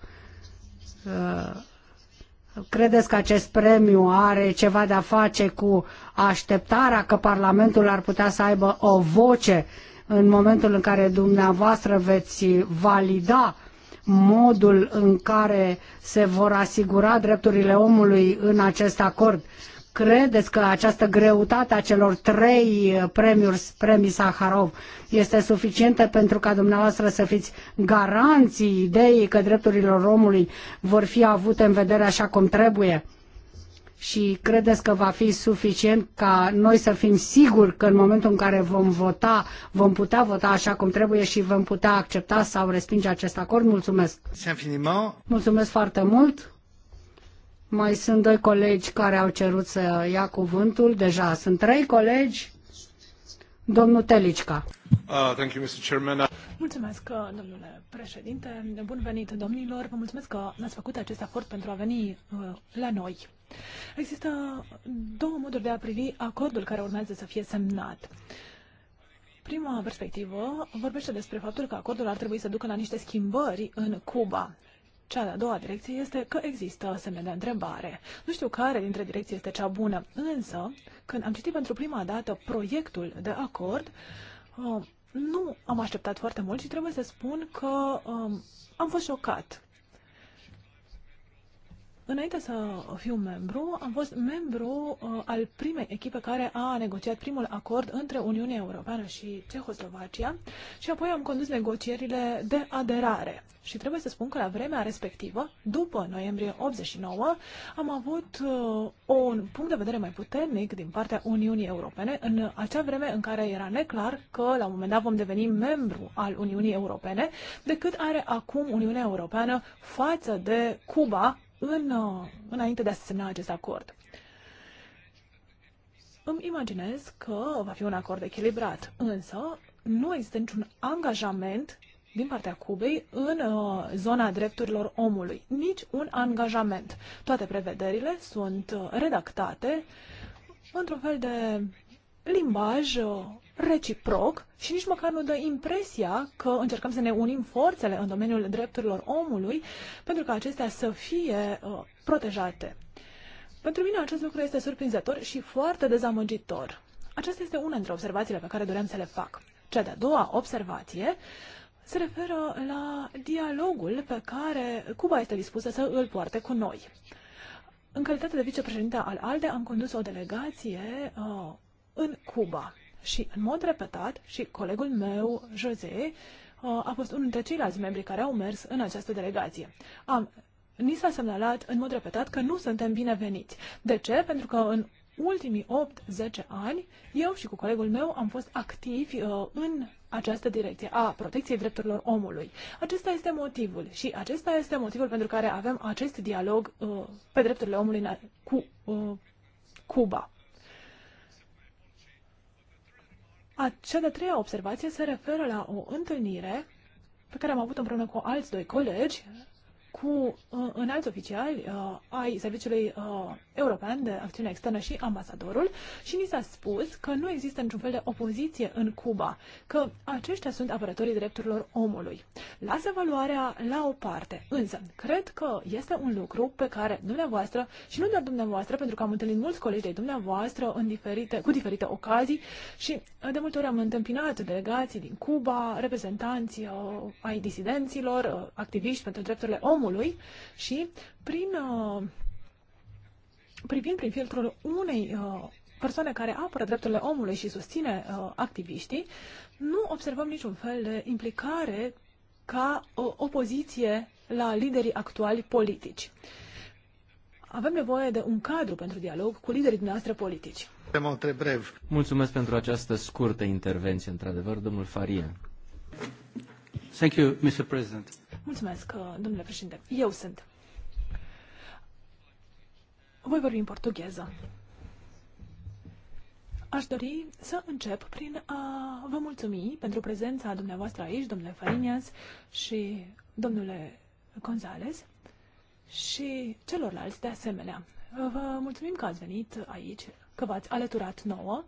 Credeți că acest premiu are ceva de a face cu așteptarea că Parlamentul ar putea să aibă o voce în momentul în care dumneavoastră veți valida modul în care se vor asigura drepturile omului în acest acord. Credeți că această greutate a celor trei premiuri, premii Saharov este suficientă pentru ca dumneavoastră să fiți garanții ideii că drepturile omului vor fi avute în vedere așa cum trebuie? și credeți că va fi suficient ca noi să fim siguri că în momentul în care vom vota, vom putea vota așa cum trebuie și vom putea accepta sau respinge acest acord? Mulțumesc! Mulțumesc foarte mult! Mai sunt doi colegi care au cerut să ia cuvântul, deja sunt trei colegi Domnul Telicca. Uh, thank you, Mr. Chairman. Mulțumesc, uh, domnule președinte. Bun venit, domnilor. Vă mulțumesc că ați făcut acest acord pentru a veni uh, la noi. Există două moduri de a privi acordul care urmează să fie semnat. Prima perspectivă vorbește despre faptul că acordul ar trebui să ducă la niște schimbări în Cuba. Cea de-a doua direcție este că există asemenea întrebare. Nu știu care dintre direcții este cea bună, însă când am citit pentru prima dată proiectul de acord, uh, nu am așteptat foarte mult și trebuie să spun că uh, am fost șocat Înainte să fiu membru, am fost membru uh, al primei echipe care a negociat primul acord între Uniunea Europeană și Cehoslovacia și apoi am condus negocierile de aderare. Și trebuie să spun că la vremea respectivă, după noiembrie 89, am avut uh, un punct de vedere mai puternic din partea Uniunii Europene în acea vreme în care era neclar că la un moment dat vom deveni membru al Uniunii Europene decât are acum Uniunea Europeană față de Cuba, în, uh, înainte de a se semna acest acord. Îmi imaginez că va fi un acord echilibrat, însă nu există niciun angajament din partea Cubei în uh, zona drepturilor omului. Nici un angajament. Toate prevederile sunt uh, redactate într-un fel de limbaj uh, reciproc și nici măcar nu dă impresia că încercăm să ne unim forțele în domeniul drepturilor omului pentru ca acestea să fie uh, protejate. Pentru mine acest lucru este surprinzător și foarte dezamăgitor. Aceasta este una dintre observațiile pe care doream să le fac. Cea de-a doua observație se referă la dialogul pe care Cuba este dispusă să îl poarte cu noi. În calitate de vicepreședinte al ALDE am condus o delegație uh, în Cuba și în mod repetat și colegul meu, Jose, uh, a fost unul dintre ceilalți membri care au mers în această delegație. Am, ni s-a semnalat în mod repetat că nu suntem bineveniți. De ce? Pentru că în ultimii 8-10 ani, eu și cu colegul meu am fost activi uh, în această direcție a protecției drepturilor omului. Acesta este motivul și acesta este motivul pentru care avem acest dialog uh, pe drepturile omului cu uh, Cuba. A, cea de-a treia observație se referă la o întâlnire pe care am avut împreună cu alți doi colegi, cu uh, înalți oficiali uh, ai Serviciului uh, European de Acțiune Externă și ambasadorul și ni s-a spus că nu există niciun fel de opoziție în Cuba, că aceștia sunt apărătorii drepturilor omului. Lasă valoarea la o parte, însă cred că este un lucru pe care dumneavoastră și nu doar dumneavoastră, pentru că am întâlnit mulți colegi de dumneavoastră în diferite, cu diferite ocazii și uh, de multe ori am întâmpinat delegații din Cuba, reprezentanți uh, ai disidenților, uh, activiști pentru drepturile omului și prin uh, Privind prin filtrul unei uh, persoane care apără drepturile omului și susține uh, activiștii, nu observăm niciun fel de implicare ca o uh, opoziție la liderii actuali politici. Avem nevoie de un cadru pentru dialog cu liderii dumneavoastră politici. Brev. Mulțumesc pentru această scurtă intervenție, într-adevăr, domnul Faria. Thank you, Mr. President. Mulțumesc, domnule președinte. Eu sunt. Voi vorbi în portugheză. Aș dori să încep prin a vă mulțumi pentru prezența dumneavoastră aici, domnule Farinias și domnule Gonzales și celorlalți de asemenea. Vă mulțumim că ați venit aici, că v-ați alăturat nouă.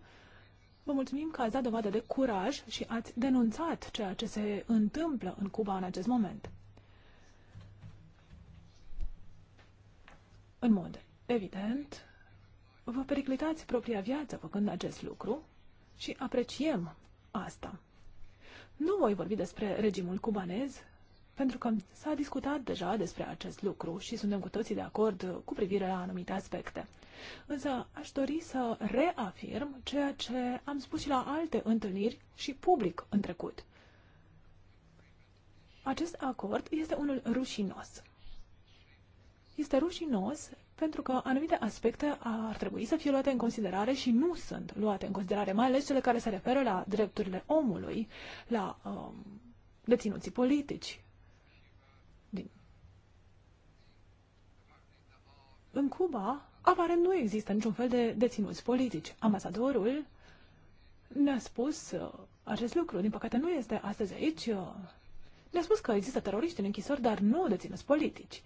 Vă mulțumim că ați dat dovadă de curaj și ați denunțat ceea ce se întâmplă în Cuba în acest moment. În mod Evident, vă periclitați propria viață făcând acest lucru și apreciem asta. Nu voi vorbi despre regimul cubanez, pentru că s-a discutat deja despre acest lucru și suntem cu toții de acord cu privire la anumite aspecte. Însă aș dori să reafirm ceea ce am spus și la alte întâlniri și public în trecut. Acest acord este unul rușinos. Este rușinos pentru că anumite aspecte ar trebui să fie luate în considerare și nu sunt luate în considerare, mai ales cele care se referă la drepturile omului, la um, deținuții politici. Din... În Cuba, aparent nu există niciun fel de deținuți politici. Ambasadorul ne-a spus uh, acest lucru. Din păcate nu este astăzi aici. Uh, ne-a spus că există teroriști în închisori, dar nu deținuți politici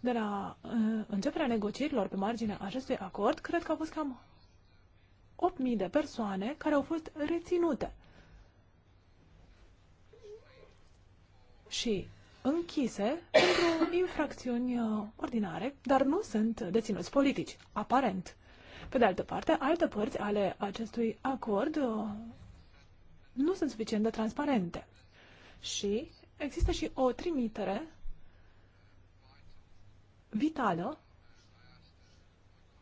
de la uh, începerea negocierilor pe marginea acestui acord, cred că au fost cam 8.000 de persoane care au fost reținute și închise pentru infracțiuni uh, ordinare, dar nu sunt deținuți politici, aparent. Pe de altă parte, alte părți ale acestui acord uh, nu sunt suficient de transparente. Și există și o trimitere vitală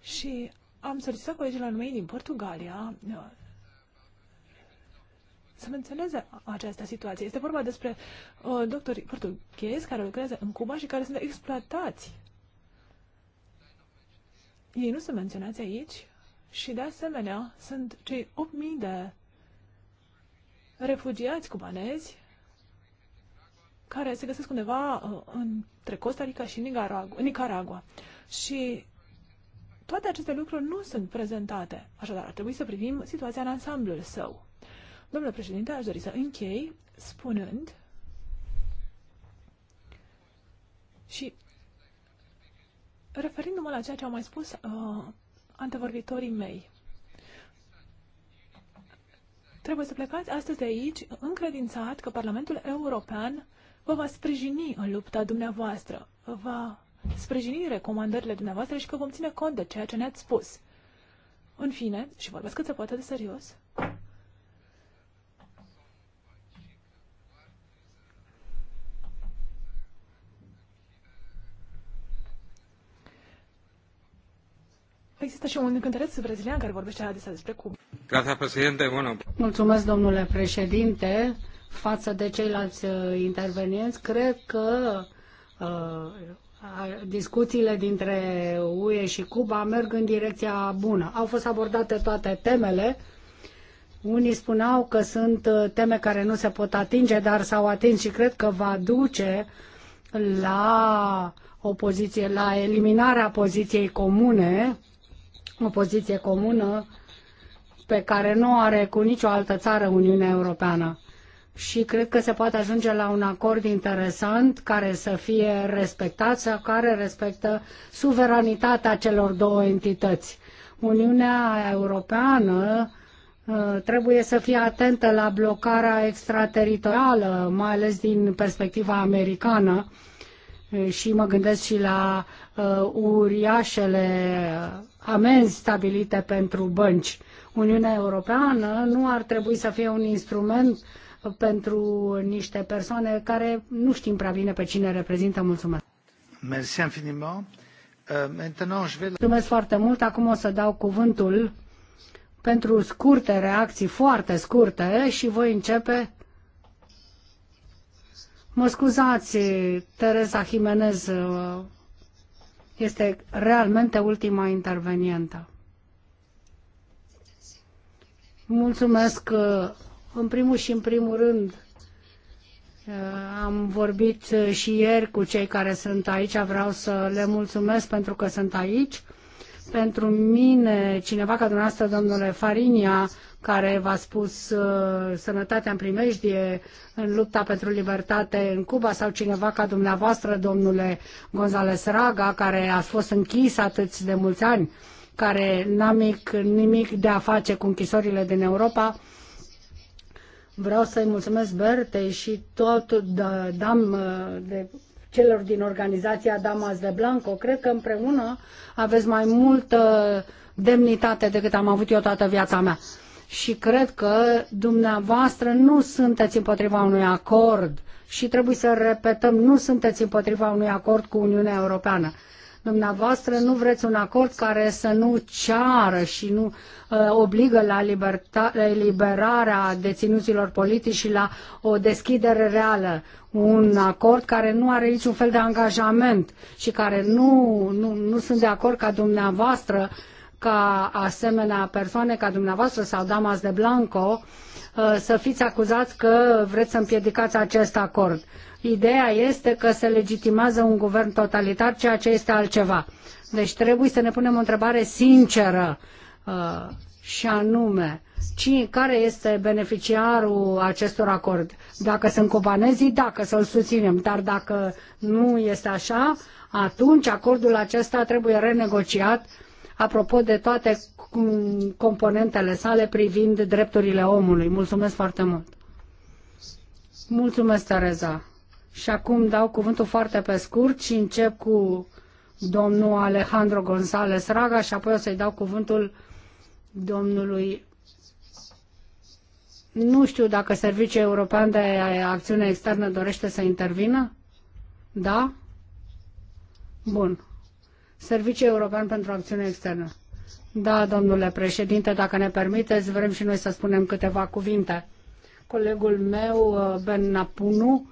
și am solicitat colegilor mei din Portugalia uh, să menționeze această situație. Este vorba despre uh, doctori portughezi care lucrează în Cuba și care sunt exploatați. Ei nu sunt menționați aici și, de asemenea, sunt cei 8.000 de refugiați cubanezi care se găsesc undeva uh, între Costa Rica și Nicaragua. Nicaragua. Și toate aceste lucruri nu sunt prezentate, așadar ar trebui să privim situația în ansamblul său. Domnule președinte, aș dori să închei spunând și referindu-mă la ceea ce au mai spus uh, antevorbitorii mei. Trebuie să plecați astăzi de aici încredințat că Parlamentul European vă va sprijini în lupta dumneavoastră, va sprijini recomandările dumneavoastră și că vom ține cont de ceea ce ne-ați spus. În fine, și vorbesc cât se poate de serios, Există și un cântăreț brazilian care vorbește adesea despre Cuba. Mulțumesc, domnule președinte față de ceilalți uh, intervenienți. Cred că uh, discuțiile dintre UE și Cuba merg în direcția bună. Au fost abordate toate temele. Unii spuneau că sunt uh, teme care nu se pot atinge, dar s-au atins și cred că va duce la o poziție, la eliminarea poziției comune, o poziție comună pe care nu o are cu nicio altă țară Uniunea Europeană și cred că se poate ajunge la un acord interesant care să fie respectat sau care respectă suveranitatea celor două entități. Uniunea Europeană uh, trebuie să fie atentă la blocarea extrateritorială, mai ales din perspectiva americană uh, și mă gândesc și la uh, uriașele amenzi stabilite pentru bănci. Uniunea Europeană nu ar trebui să fie un instrument uh, pentru niște persoane care nu știm prea bine pe cine reprezintă. Mulțumesc! Merci infiniment. Uh, Mulțumesc foarte mult. Acum o să dau cuvântul pentru scurte reacții, foarte scurte, și voi începe. Mă scuzați, Teresa Jimenez uh, este realmente ultima intervenientă. Mulțumesc uh, în primul și în primul rând, uh, am vorbit uh, și ieri cu cei care sunt aici, vreau să le mulțumesc pentru că sunt aici. Pentru mine, cineva ca dumneavoastră, domnule Farinia, care v-a spus uh, sănătatea în primejdie în lupta pentru libertate în Cuba sau cineva ca dumneavoastră, domnule González Raga, care a fost închis atât de mulți ani, care n-a nimic de a face cu închisorile din Europa, Vreau să-i mulțumesc Bertei și tot de, da, dam, uh, de celor din organizația Damas de Blanco. Cred că împreună aveți mai multă demnitate decât am avut eu toată viața mea. Și cred că dumneavoastră nu sunteți împotriva unui acord și trebuie să repetăm, nu sunteți împotriva unui acord cu Uniunea Europeană Dumneavoastră nu vreți un acord care să nu ceară și nu uh, obligă la eliberarea deținuților politici și la o deschidere reală. Un acord care nu are niciun fel de angajament și care nu, nu, nu sunt de acord ca dumneavoastră ca asemenea persoane ca dumneavoastră sau Damas de Blanco uh, Uh, să fiți acuzați că vreți să împiedicați acest acord. Ideea este că se legitimează un guvern totalitar, ceea ce este altceva. Deci trebuie să ne punem o întrebare sinceră uh, și anume, cine, care este beneficiarul acestor acord? Dacă sunt cubanezii, dacă să-l susținem, dar dacă nu este așa, atunci acordul acesta trebuie renegociat apropo de toate componentele sale privind drepturile omului. Mulțumesc foarte mult! Mulțumesc, Tereza! Și acum dau cuvântul foarte pe scurt și încep cu domnul Alejandro González Raga și apoi o să-i dau cuvântul domnului nu știu dacă Serviciul European de Acțiune Externă dorește să intervină. Da? Bun. Serviciul European pentru Acțiune Externă. Da, domnule președinte, dacă ne permiteți, vrem și noi să spunem câteva cuvinte. Colegul meu, uh, Ben Napunu,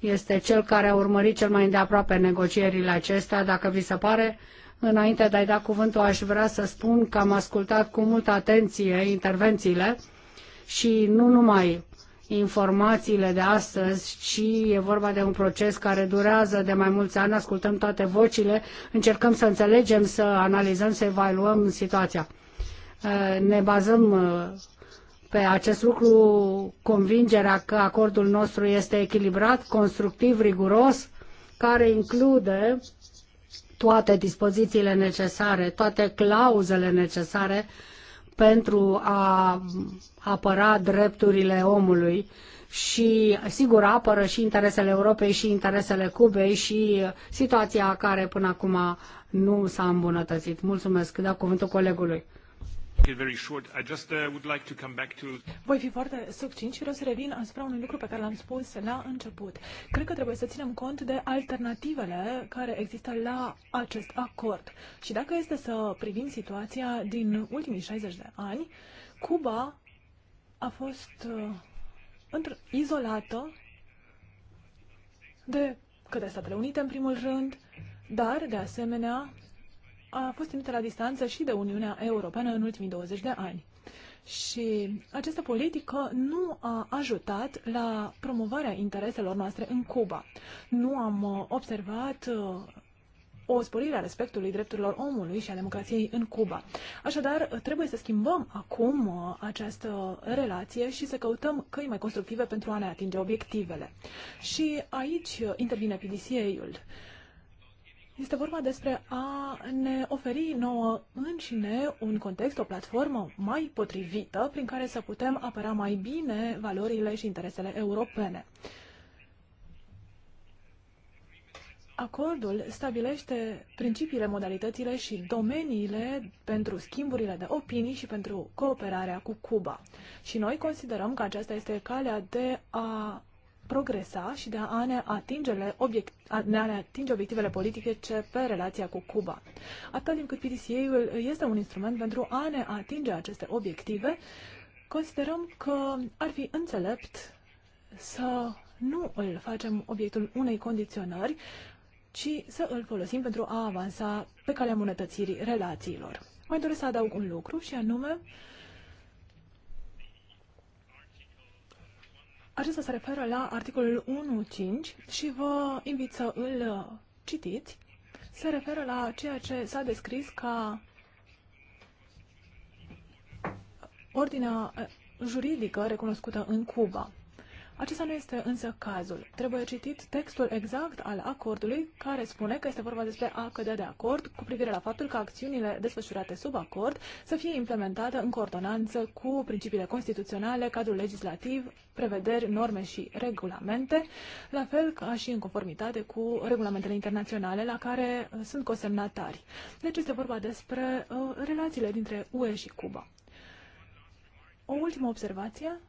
este cel care a urmărit cel mai îndeaproape negocierile acestea, dacă vi se pare. Înainte de a-i da cuvântul, aș vrea să spun că am ascultat cu multă atenție intervențiile și nu numai informațiile de astăzi, ci e vorba de un proces care durează de mai mulți ani, ascultăm toate vocile, încercăm să înțelegem, să analizăm, să evaluăm situația. Uh, ne bazăm uh, pe acest lucru convingerea că acordul nostru este echilibrat, constructiv, riguros, care include toate dispozițiile necesare, toate clauzele necesare uh, pentru a apăra drepturile omului și, sigur, apără și interesele Europei și interesele Cubei și situația care până acum nu s-a îmbunătățit. Mulțumesc, da cuvântul colegului. Voi fi foarte succint și vreau să revin asupra unui lucru pe care l-am spus la început. Cred că trebuie să ținem cont de alternativele care există la acest acord. Și dacă este să privim situația din ultimii 60 de ani, Cuba a fost uh, izolată de către Statele Unite, în primul rând, dar, de asemenea, a fost ținută la distanță și de Uniunea Europeană în ultimii 20 de ani. Și această politică nu a ajutat la promovarea intereselor noastre în Cuba. Nu am uh, observat uh, o sporire a respectului drepturilor omului și a democrației în Cuba. Așadar, trebuie să schimbăm acum uh, această relație și să căutăm căi mai constructive pentru a ne atinge obiectivele. Și aici intervine PDCA-ul. Este vorba despre a ne oferi nouă înșine un context, o platformă mai potrivită prin care să putem apăra mai bine valorile și interesele europene. Acordul stabilește principiile, modalitățile și domeniile pentru schimburile de opinii și pentru cooperarea cu Cuba. Și noi considerăm că aceasta este calea de a progresa și de a ne atinge, obiect, a ne atinge obiectivele politice ce pe relația cu Cuba. Atât timp cât PDCA-ul este un instrument pentru a ne atinge aceste obiective, considerăm că ar fi înțelept să nu îl facem obiectul unei condiționări, ci să îl folosim pentru a avansa pe calea îmbunătățirii relațiilor. Mai doresc să adaug un lucru și anume Acesta se referă la articolul 1.5 și vă invit să îl uh, citiți. Se referă la ceea ce s-a descris ca ordinea uh, juridică recunoscută în Cuba. Acesta nu este însă cazul. Trebuie citit textul exact al acordului care spune că este vorba despre a cădea de acord cu privire la faptul că acțiunile desfășurate sub acord să fie implementate în coordonanță cu principiile constituționale, cadrul legislativ, prevederi, norme și regulamente, la fel ca și în conformitate cu regulamentele internaționale la care uh, sunt cosemnatari. Deci este vorba despre uh, relațiile dintre UE și Cuba. O ultimă observație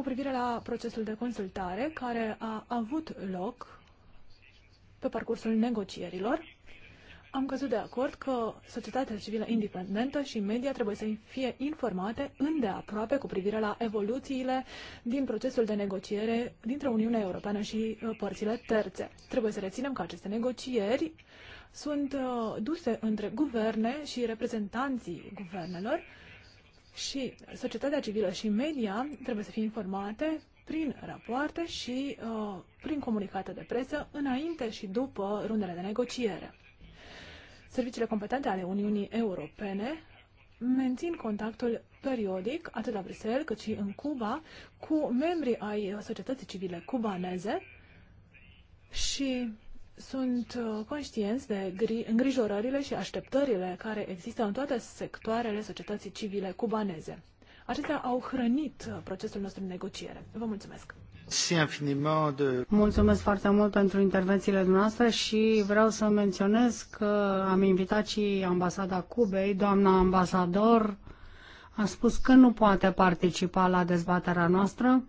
cu privire la procesul de consultare care a avut loc pe parcursul negocierilor. Am căzut de acord că societatea civilă independentă și media trebuie să fie informate îndeaproape cu privire la evoluțiile din procesul de negociere dintre Uniunea Europeană și uh, părțile terțe. Trebuie să reținem că aceste negocieri sunt uh, duse între guverne și reprezentanții guvernelor și societatea civilă și media trebuie să fie informate prin rapoarte și uh, prin comunicate de presă înainte și după rundele de negociere. Serviciile competente ale Uniunii Europene mențin contactul periodic, atât la Bruxelles cât și în Cuba, cu membrii ai societății civile cubaneze și sunt uh, conștienți de îngrijorările și așteptările care există în toate sectoarele societății civile cubaneze. Acestea au hrănit uh, procesul nostru de negociere. Vă mulțumesc! Mulțumesc foarte mult pentru intervențiile noastre și vreau să menționez că am invitat și ambasada Cubei, doamna ambasador a spus că nu poate participa la dezbaterea noastră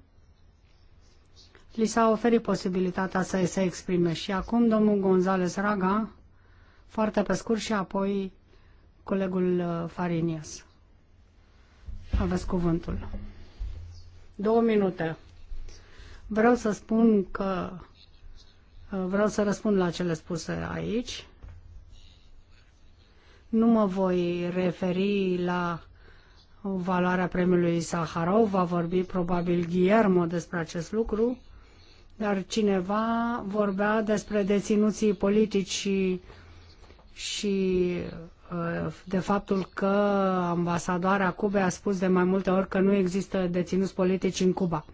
li s-a oferit posibilitatea să se exprime. Și acum domnul González Raga, foarte pe scurt, și apoi colegul uh, Farinias. Aveți cuvântul. Două minute. Vreau să spun că uh, vreau să răspund la cele spuse aici. Nu mă voi referi la valoarea premiului Saharov, va vorbi probabil Guillermo despre acest lucru dar cineva vorbea despre deținuții politici și, și uh, de faptul că ambasadoarea Cubei a spus de mai multe ori că nu există deținuți politici în Cuba.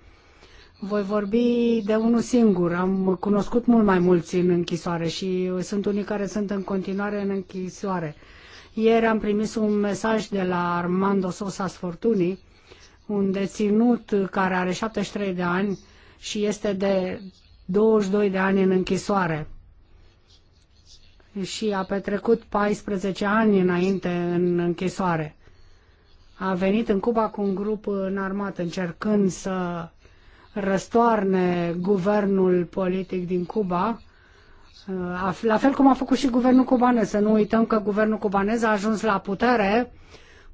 Voi vorbi de unul singur. Am cunoscut mult mai mulți în închisoare și sunt unii care sunt în continuare în închisoare. Ieri am primit un mesaj de la Armando Sosa Sfortuni, un deținut care are 73 de ani, și este de 22 de ani în închisoare și a petrecut 14 ani înainte în închisoare. A venit în Cuba cu un grup înarmat încercând să răstoarne guvernul politic din Cuba, la fel cum a făcut și guvernul cubanez. Să nu uităm că guvernul cubanez a ajuns la putere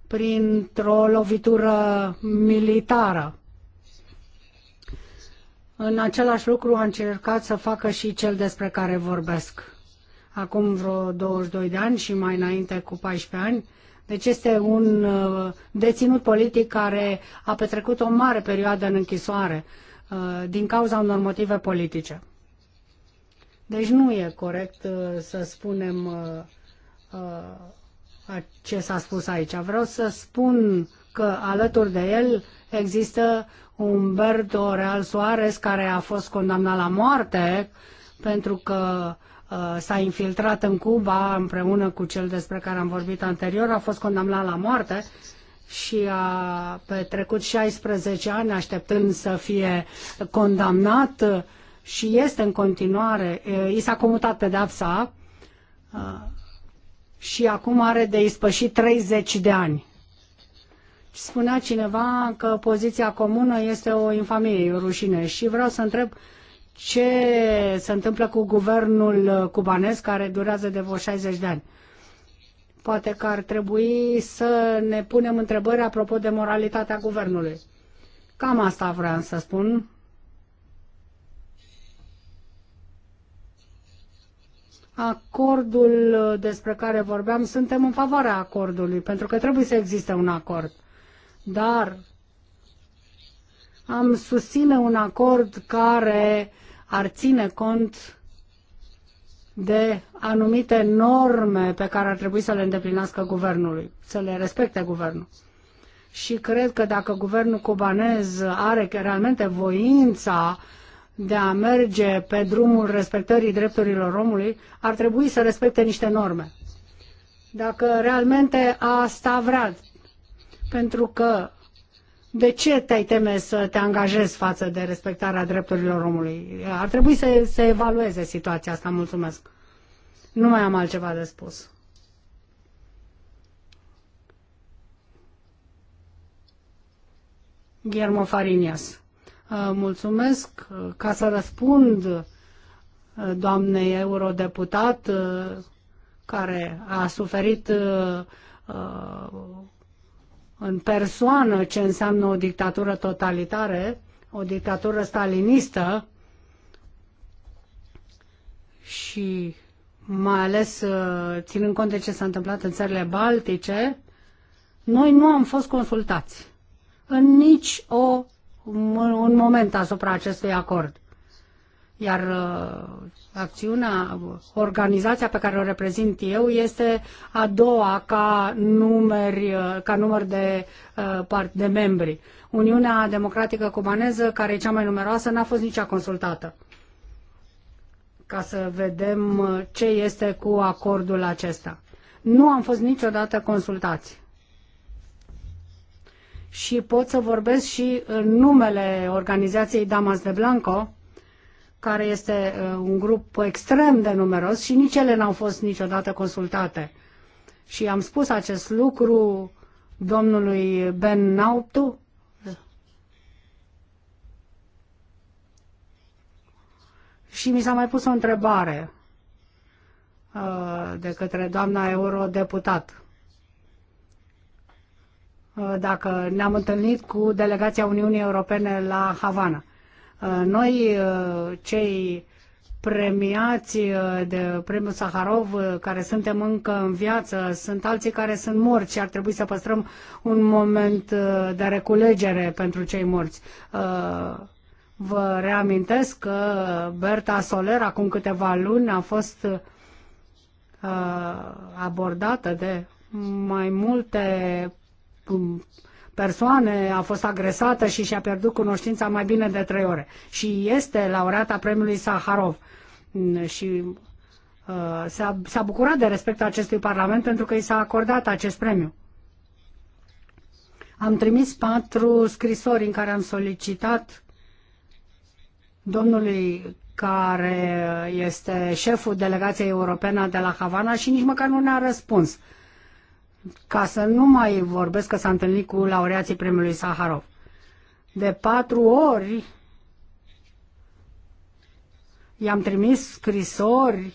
printr-o lovitură militară. În același lucru a încercat să facă și cel despre care vorbesc. Acum vreo 22 de ani și mai înainte cu 14 ani. Deci este un uh, deținut politic care a petrecut o mare perioadă în închisoare uh, din cauza unor motive politice. Deci nu e corect uh, să spunem ce s-a spus aici. Vreau să spun că alături de el Există Umberto Real Soares care a fost condamnat la moarte pentru că uh, s-a infiltrat în Cuba împreună cu cel despre care am vorbit anterior, a fost condamnat la moarte și a petrecut 16 ani așteptând să fie condamnat și este în continuare, uh, i s-a comutat pedepsa uh, și acum are de ispășit 30 de ani. Spunea cineva că poziția comună este o infamie, o rușine și vreau să întreb ce se întâmplă cu guvernul cubanez care durează de vreo 60 de ani. Poate că ar trebui să ne punem întrebări apropo de moralitatea guvernului. Cam asta vreau să spun. Acordul despre care vorbeam, suntem în favoarea acordului, pentru că trebuie să existe un acord dar am susține un acord care ar ține cont de anumite norme pe care ar trebui să le îndeplinească guvernului, să le respecte guvernul. Și cred că dacă guvernul cubanez are realmente voința de a merge pe drumul respectării drepturilor omului, ar trebui să respecte niște norme. Dacă realmente asta vrea, pentru că de ce te-ai teme să te angajezi față de respectarea drepturilor omului? Ar trebui să se evalueze situația asta. Mulțumesc. Nu mai am altceva de spus. Guillermo Farinias. Uh, mulțumesc. Uh, ca să răspund uh, doamnei eurodeputat care a suferit în persoană ce înseamnă o dictatură totalitară, o dictatură stalinistă și mai ales uh, ținând cont de ce s-a întâmplat în țările baltice, noi nu am fost consultați în nici o, un moment asupra acestui acord. Iar uh, acțiunea, organizația pe care o reprezint eu este a doua ca, numeri, ca număr de, uh, de membri. Uniunea Democratică Cubaneză, care e cea mai numeroasă, n-a fost nici a consultată ca să vedem uh, ce este cu acordul acesta. Nu am fost niciodată consultați. Și pot să vorbesc și în numele organizației Damas de Blanco, care este uh, un grup extrem de numeros și nici ele n-au fost niciodată consultate. Și am spus acest lucru domnului Ben Nauptu. Și mi s-a mai pus o întrebare uh, de către doamna eurodeputat. Uh, dacă ne-am întâlnit cu delegația Uniunii Europene la Havana. Uh, noi, uh, cei premiați uh, de premiul Saharov, care suntem încă în viață, sunt alții care sunt morți și ar trebui să păstrăm un moment de reculegere pentru cei morți. Vă reamintesc că Berta Soler, acum câteva luni, a fost abordată de mai multe um, persoane a fost agresată și și-a pierdut cunoștința mai bine de trei ore. Și este laureata premiului Saharov. Mm, și uh, s-a, s-a bucurat de respectul acestui parlament pentru că i s-a acordat acest premiu. Am trimis patru scrisori în care am solicitat domnului care este șeful delegației europene de la Havana și nici măcar nu ne-a răspuns. Uh, ca să nu mai vorbesc că s-a întâlnit cu laureații premiului Saharov. De patru ori i-am trimis scrisori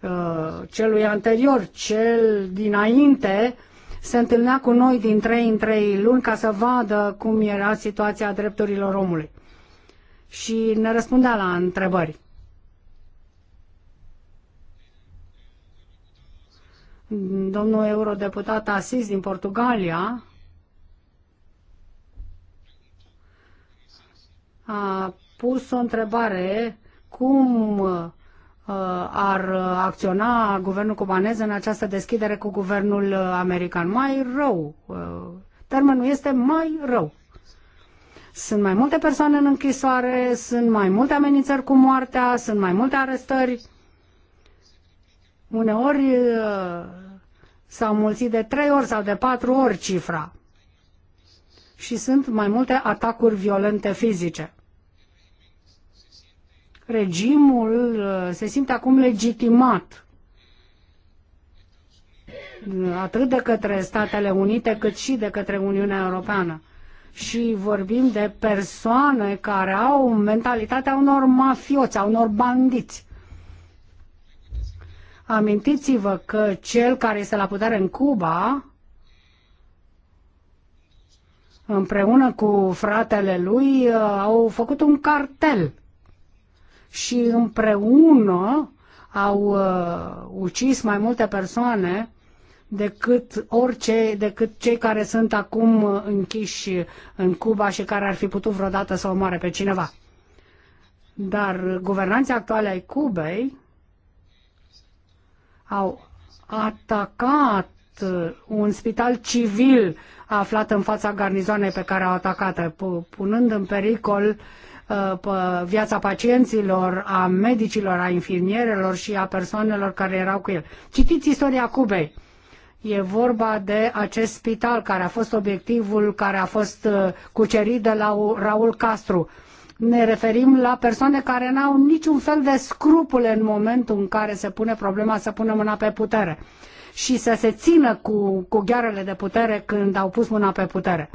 uh, celui anterior, cel dinainte, se întâlnea cu noi din trei în trei luni ca să vadă cum era situația drepturilor omului. Și ne răspundea la întrebări. Domnul eurodeputat Asis din Portugalia a pus o întrebare cum uh, ar acționa guvernul cubanez în această deschidere cu guvernul american. Mai rău. Uh, termenul este mai rău. Sunt mai multe persoane în închisoare, sunt mai multe amenințări cu moartea, sunt mai multe arestări. Uneori s-au mulțit de trei ori sau de patru ori cifra. Și sunt mai multe atacuri violente fizice. Regimul se simte acum legitimat atât de către Statele Unite cât și de către Uniunea Europeană. Și vorbim de persoane care au mentalitatea unor mafioți, a unor bandiți. Amintiți-vă că cel care este la putere în Cuba, împreună cu fratele lui, uh, au făcut un cartel și împreună au uh, ucis mai multe persoane decât orice, decât cei care sunt acum uh, închiși în Cuba și care ar fi putut vreodată să omoare pe cineva. Dar guvernanții actuale ai Cubei au atacat un spital civil aflat în fața garnizoanei pe care au atacat o punând în pericol uh, viața pacienților, a medicilor, a infirmierelor și a persoanelor care erau cu el. Citiți istoria Cubei. E vorba de acest spital care a fost obiectivul, care a fost uh, cucerit de la Raul Castro ne referim la persoane care n-au niciun fel de scrupule în momentul în care se pune problema să pună mâna pe putere și să se țină cu, cu ghearele de putere când au pus mâna pe putere.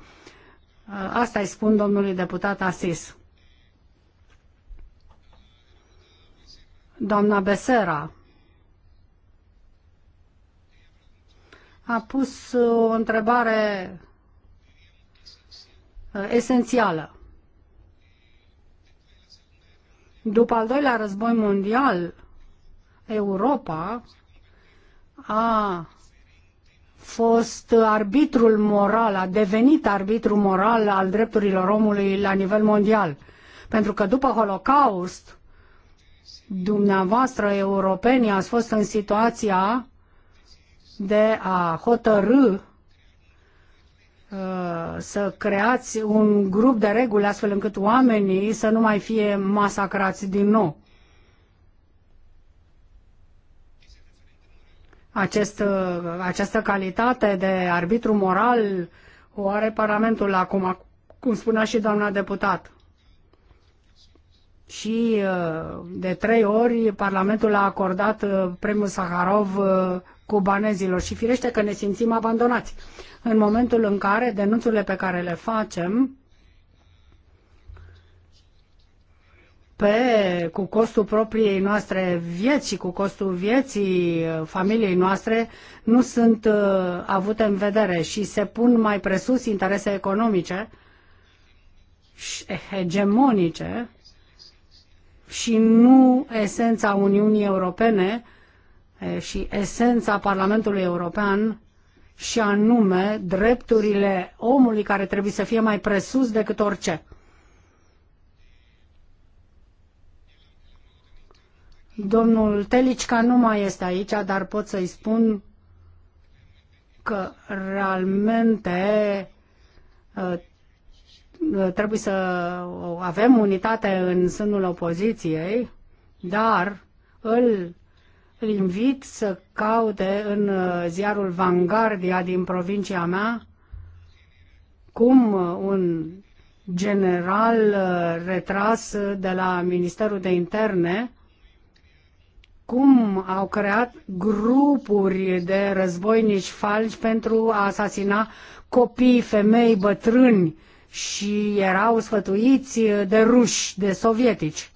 Uh, asta îi spun domnului deputat Asis. Doamna Besera a pus o întrebare uh, esențială. După al doilea război mondial, Europa a fost arbitrul moral, a devenit arbitru moral al drepturilor omului la nivel mondial. Pentru că după Holocaust, dumneavoastră europenii ați fost în situația de a hotărâ Uh, să creați un grup de reguli astfel încât oamenii să nu mai fie masacrați din nou. Acest, uh, această calitate de arbitru moral o are Parlamentul acum, cum spunea și doamna deputat. Și uh, de trei ori Parlamentul a acordat premiul Saharov cubanezilor și firește că ne simțim abandonați. În momentul în care denunțurile pe care le facem pe, cu costul propriei noastre vieți și cu costul vieții uh, familiei noastre nu sunt uh, avute în vedere și se pun mai presus interese economice și hegemonice și nu esența Uniunii Europene uh, și esența Parlamentului European și anume drepturile omului care trebuie să fie mai presus decât orice. Domnul Telicca nu mai este aici, dar pot să-i spun că realmente trebuie să avem unitate în sânul opoziției, dar îl îl invit să caute în uh, ziarul Vanguardia din provincia mea cum uh, un general uh, retras de la Ministerul de Interne, cum au creat grupuri de războinici falși pentru a asasina copii, femei, bătrâni și erau sfătuiți de ruși, de sovietici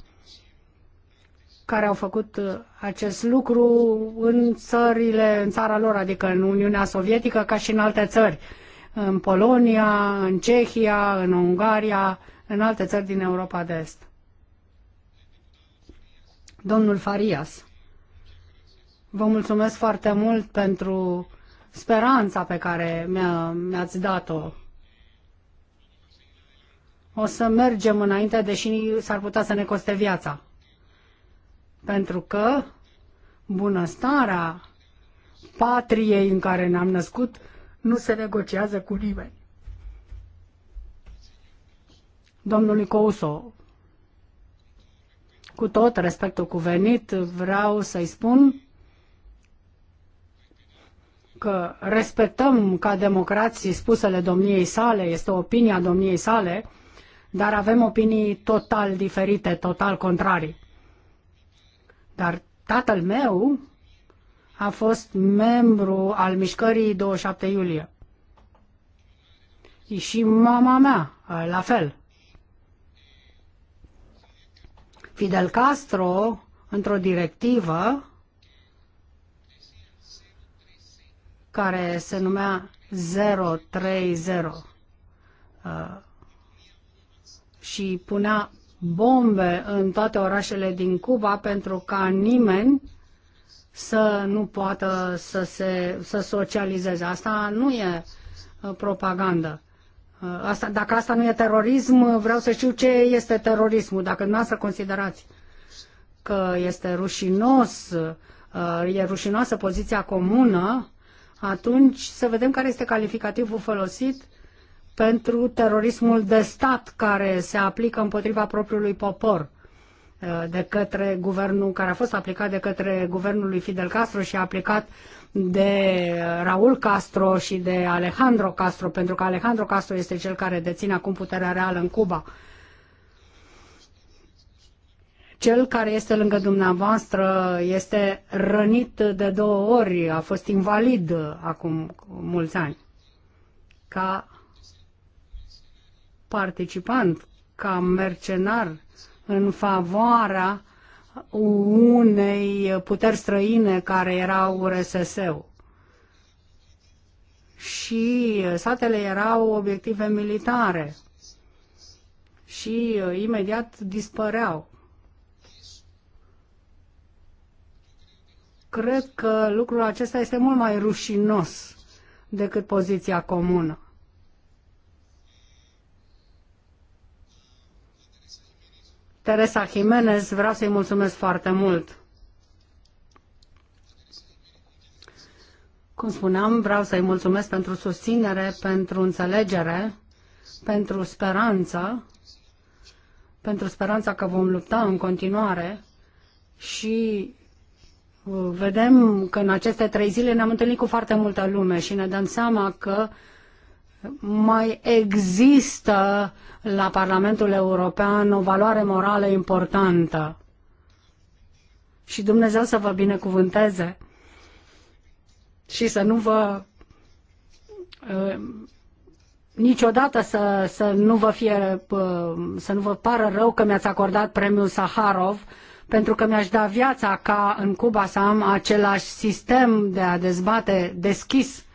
care au făcut uh, acest lucru în țările, în țara lor, adică în Uniunea Sovietică, ca și în alte țări, în Polonia, în Cehia, în Ungaria, în alte țări din Europa de Est. Domnul Farias, vă mulțumesc foarte mult pentru speranța pe care mi-ați dat-o o să mergem înainte, deși s-ar putea să ne coste viața pentru că bunăstarea patriei în care ne-am născut nu se negociază cu nimeni. Domnului Couso, cu tot respectul cuvenit, vreau să-i spun că respectăm ca democrații spusele domniei sale, este opinia domniei sale, dar avem opinii total diferite, total contrarii. Dar tatăl meu a fost membru al mișcării 27 iulie. Și mama mea, la fel. Fidel Castro, într-o directivă care se numea 030 uh, și punea bombe în toate orașele din Cuba pentru ca nimeni să nu poată să se să socializeze. Asta nu e uh, propagandă. Uh, asta, dacă asta nu e terorism, uh, vreau să știu ce este terorismul. Dacă nu să considerați că este rușinos, e rușinoasă poziția comună, atunci să vedem care este calificativul folosit pentru terorismul de stat care se aplică împotriva propriului popor uh, de către guvernul care a fost aplicat de către guvernul lui Fidel Castro și aplicat de uh, Raul Castro și de Alejandro Castro, pentru că Alejandro Castro este cel care deține acum puterea reală în Cuba. Cel care este lângă dumneavoastră este rănit de două ori, a fost invalid acum mulți ani. Ca participant, ca mercenar în favoarea unei puteri străine care erau rss ul Și satele erau obiective militare și uh, imediat dispăreau. Cred că lucrul acesta este mult mai rușinos decât poziția comună. Teresa Jimenez, vreau să-i mulțumesc foarte mult. Cum spuneam, vreau să-i mulțumesc pentru susținere, pentru înțelegere, pentru speranță, pentru speranța că vom lupta în continuare și uh, vedem că în aceste trei zile ne-am întâlnit cu foarte multă lume și ne dăm seama că uh, mai există la Parlamentul European o valoare morală importantă. Și Dumnezeu să vă binecuvânteze și să nu vă uh, niciodată să, să nu vă fie uh, să nu vă pară rău că mi-ați acordat premiul Saharov pentru că mi-aș da viața ca în Cuba să am același sistem de a dezbate deschis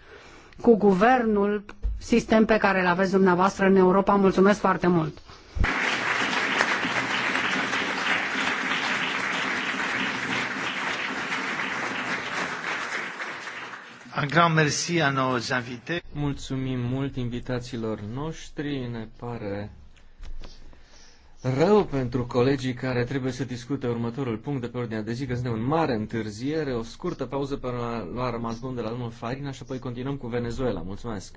cu guvernul sistem pe care îl aveți dumneavoastră în Europa. Mulțumesc foarte mult! Un grand merci à nos invités. Mulțumim mult invitațiilor noștri. Ne pare rău pentru colegii care trebuie să discute următorul punct de pe ordinea de zi, că suntem în mare întârziere, o scurtă pauză pentru a lua rămas bun de la domnul Farina și apoi continuăm cu Venezuela. Mulțumesc!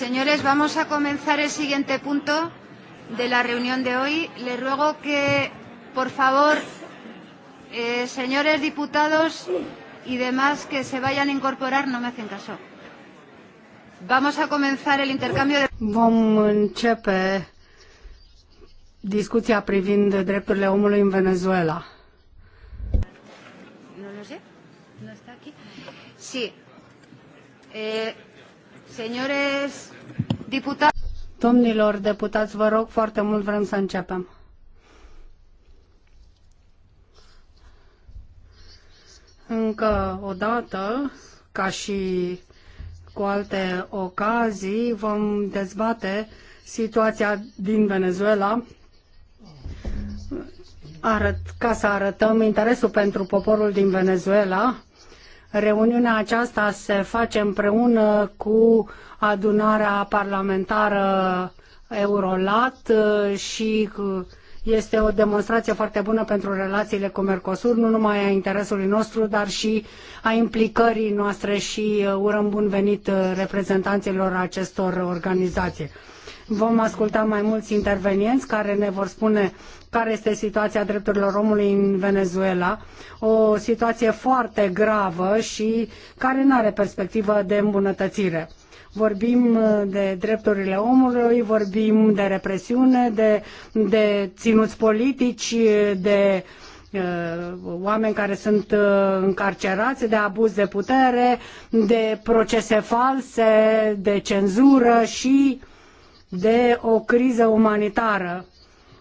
Señores, vamos a comenzar el siguiente punto de la reunión de hoy. Le ruego que, por favor, eh, señores diputados y demás que se vayan a incorporar, no me hacen caso. Vamos a comenzar el intercambio de... Vamos Vom începe discuția privind drepturile omului în Venezuela. No lo sé, no está aquí. Sí. Eh, Señores diputați. Domnilor deputați, vă rog foarte mult, vrem să începem. Încă o dată, ca și cu alte ocazii, vom dezbate situația din Venezuela, arăt, ca să arătăm interesul pentru poporul din Venezuela, Reuniunea aceasta se face împreună cu adunarea parlamentară Eurolat uh, și cu este o demonstrație foarte bună pentru relațiile cu Mercosur, nu numai a interesului nostru, dar și a implicării noastre și uh, urăm bun venit uh, reprezentanților acestor organizații. Vom asculta mai mulți intervenienți care ne vor spune care este situația drepturilor omului în Venezuela, o situație foarte gravă și care nu are perspectivă de îmbunătățire. Vorbim uh, de drepturile omului, vorbim de represiune, de, de ținuți politici, de uh, oameni care sunt uh, încarcerați, de abuz de putere, de procese false, de cenzură și de o criză umanitară.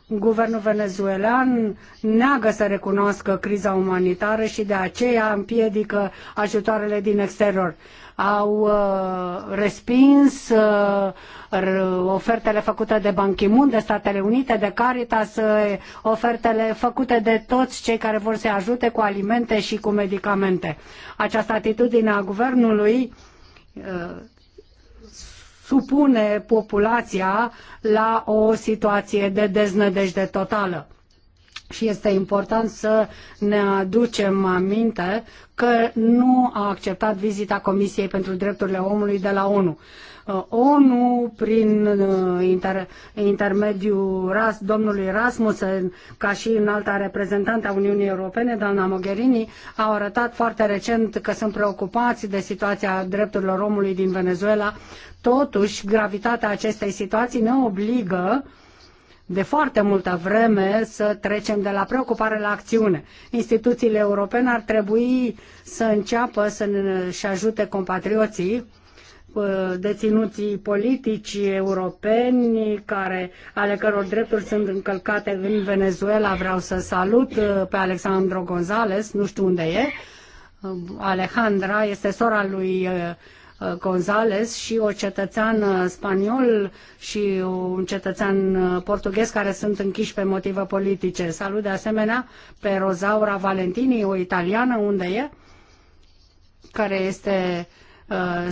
Guvernul venezuelan neagă să recunoască criza umanitară și de aceea împiedică ajutoarele din exterior au uh, respins uh, ofertele făcute de Ban ki de Statele Unite, de Caritas, uh, ofertele făcute de toți cei care vor să ajute cu alimente și cu medicamente. Această atitudine a guvernului supune populația la o situație de deznădejde totală și este important să ne aducem aminte că nu a acceptat vizita Comisiei pentru Drepturile Omului de la ONU. Uh, ONU, prin uh, inter, intermediul Ras, domnului Rasmussen, ca și în alta reprezentantă a Uniunii Europene, doamna Mogherini, au arătat foarte recent că sunt preocupați de situația drepturilor omului din Venezuela. Totuși, gravitatea acestei situații ne obligă uh, de foarte multă vreme să trecem de la preocupare la acțiune. Instituțiile europene ar trebui să înceapă să-și ajute compatrioții uh, deținuții politici europeni care, ale căror drepturi sunt încălcate în Venezuela. Vreau să salut uh, pe Alexandro González, nu știu unde e. Uh, Alejandra este sora lui Uh, González și o cetățeană uh, spaniol și un cetățean uh, portughez care sunt închiși pe motive politice. Salut de asemenea pe Rosaura Valentini, o italiană, unde e, care este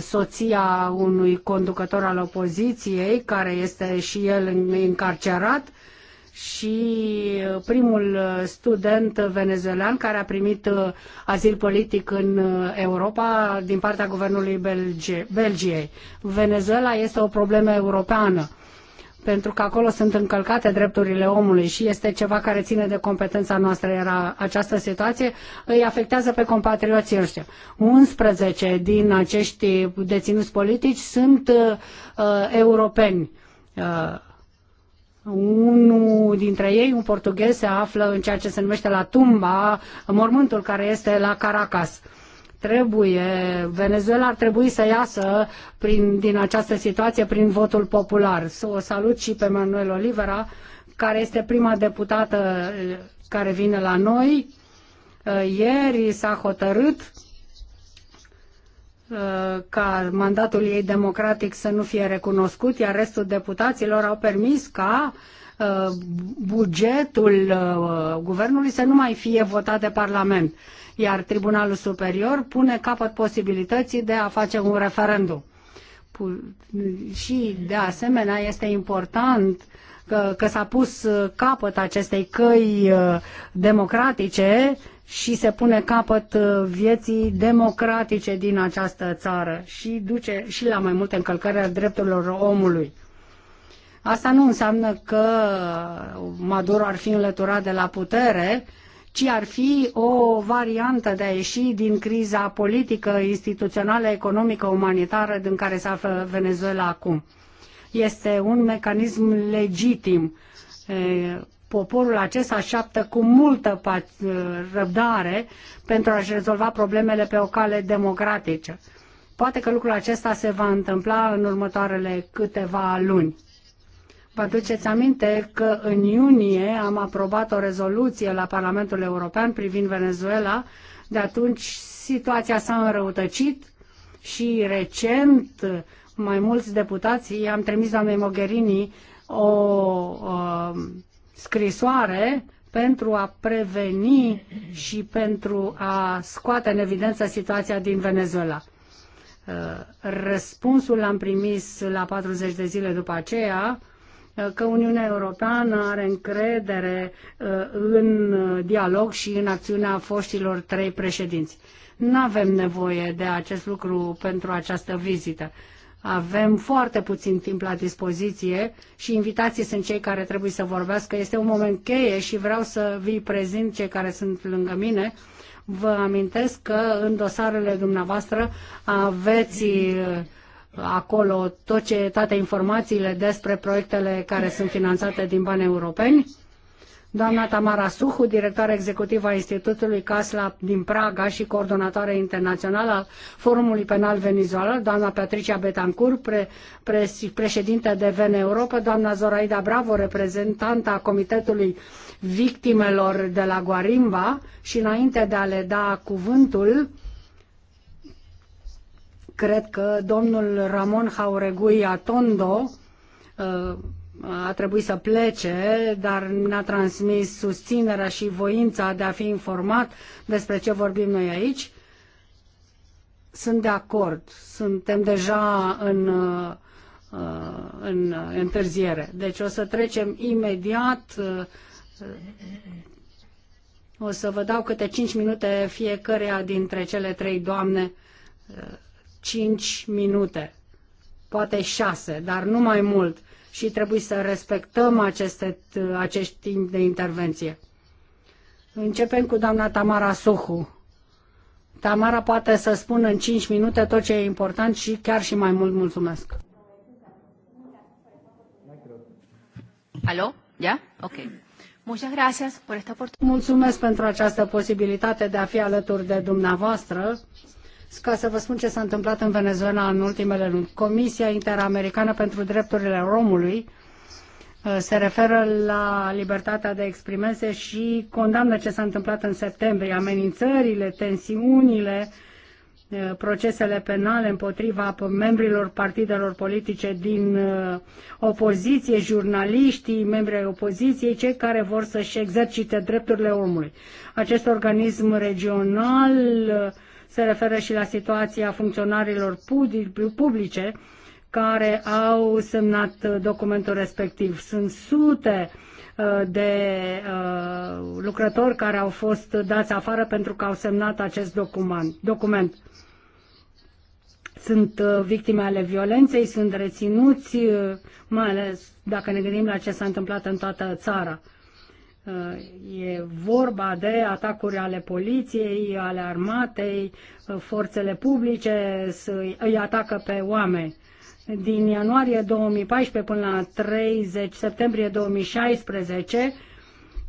soția unui conducător al opoziției, care este și el încarcerat și primul student venezuelan care a primit uh, azil politic în uh, Europa din partea guvernului Belgie, Belgiei. Venezuela este o problemă europeană pentru că acolo sunt încălcate drepturile omului și este ceva care ține de competența noastră, iar această situație îi afectează pe compatrioții ăștia. 11 din acești deținuți politici sunt uh, uh europeni. Uh, unul dintre ei, un portughez, se află în ceea ce se numește la tumba, mormântul care este la Caracas trebuie, Venezuela ar trebui să iasă prin, din această situație prin votul popular. Să o salut și pe Manuel Olivera, care este prima deputată eh, care vine la noi. Eh, ieri s-a hotărât Uh, ca mandatul ei democratic să nu fie recunoscut, iar restul deputaților au permis ca uh, bugetul uh, guvernului să nu mai fie votat de Parlament, iar Tribunalul Superior pune capăt posibilității de a face un referendum. Și, de asemenea, este important că, că s-a pus capăt acestei căi democratice și se pune capăt uh, vieții democratice din această țară și duce și la mai multe încălcări a drepturilor omului. Asta nu înseamnă că Maduro ar fi înlăturat de la putere, ci ar fi o variantă de a ieși din criza politică, instituțională, economică, umanitară din care se află Venezuela acum. Este un mecanism legitim poporul acesta așteaptă cu multă uh, răbdare pentru a-și rezolva problemele pe o cale democratică. Poate că lucrul acesta se va întâmpla în următoarele câteva luni. Vă aduceți aminte că în iunie am aprobat o rezoluție la Parlamentul European privind Venezuela. De atunci situația s-a înrăutăcit și recent mai mulți deputați am trimis doamnei Mogherini o, o uh, scrisoare pentru a preveni și pentru a scoate în evidență situația din Venezuela. Uh, răspunsul l-am primit la 40 de zile după aceea uh, că Uniunea Europeană are încredere uh, în dialog și în acțiunea foștilor trei președinți. Nu avem nevoie de acest lucru pentru această vizită. Avem foarte puțin timp la dispoziție și invitații sunt cei care trebuie să vorbească. Este un moment cheie și vreau să vi prezint cei care sunt lângă mine. Vă amintesc că în dosarele dumneavoastră aveți uh, acolo tot ce, toate informațiile despre proiectele care sunt finanțate din bani europeni doamna Tamara Suhu, directoare executivă a Institutului Casla din Praga și coordonatoare internațională al Forumului Penal Venezuelan, doamna Patricia Betancur, pre, pre, președintă de VN Europa, doamna Zoraida Bravo, reprezentanta Comitetului Victimelor de la Guarimba și înainte de a le da cuvântul, cred că domnul Ramon Jauregui Atondo, uh, a trebuit să plece, dar ne-a transmis susținerea și voința de a fi informat despre ce vorbim noi aici. Sunt de acord, suntem deja în, uh, în întârziere. Deci o să trecem imediat, uh, o să vă dau câte 5 minute fiecăreia dintre cele trei doamne, 5 uh, minute, poate 6, dar nu mai mult și trebuie să respectăm aceste, acest timp de intervenție. Începem cu doamna Tamara Suhu. Tamara poate să spună în 5 minute tot ce e important și chiar și mai mult mulțumesc. Alo? Yeah? Ok. Muchas gracias por esta oportunidad. Mulțumesc pentru această posibilitate de a fi alături de dumneavoastră ca să vă spun ce s-a întâmplat în Venezuela în ultimele luni. Comisia Interamericană pentru Drepturile Romului uh, se referă la libertatea de exprimese și condamnă ce s-a întâmplat în septembrie, amenințările, tensiunile, uh, procesele penale împotriva membrilor partidelor politice din uh, opoziție, jurnaliștii, membrii opoziției, cei care vor să-și exercite drepturile omului. Acest organism regional se referă și la situația funcționarilor publice care au semnat documentul respectiv. Sunt sute uh, de uh, lucrători care au fost dați afară pentru că au semnat acest document. Sunt uh, victime ale violenței, sunt reținuți, mai ales dacă ne gândim la ce s-a întâmplat în toată țara. Uh, e vorba de atacuri ale poliției, ale armatei, uh, forțele publice îi atacă pe oameni. Din ianuarie 2014 până la 30 septembrie 2016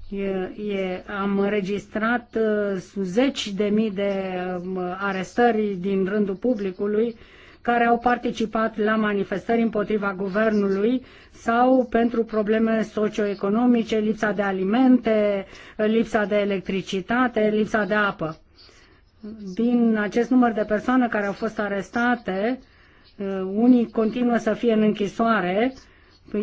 e, e, am înregistrat uh, zeci de mii de arestări din rândul publicului care au participat la manifestări împotriva guvernului sau pentru probleme socioeconomice, lipsa de alimente, lipsa de electricitate, lipsa de apă. Din acest număr de persoane care au fost arestate, uh, unii continuă să fie în închisoare,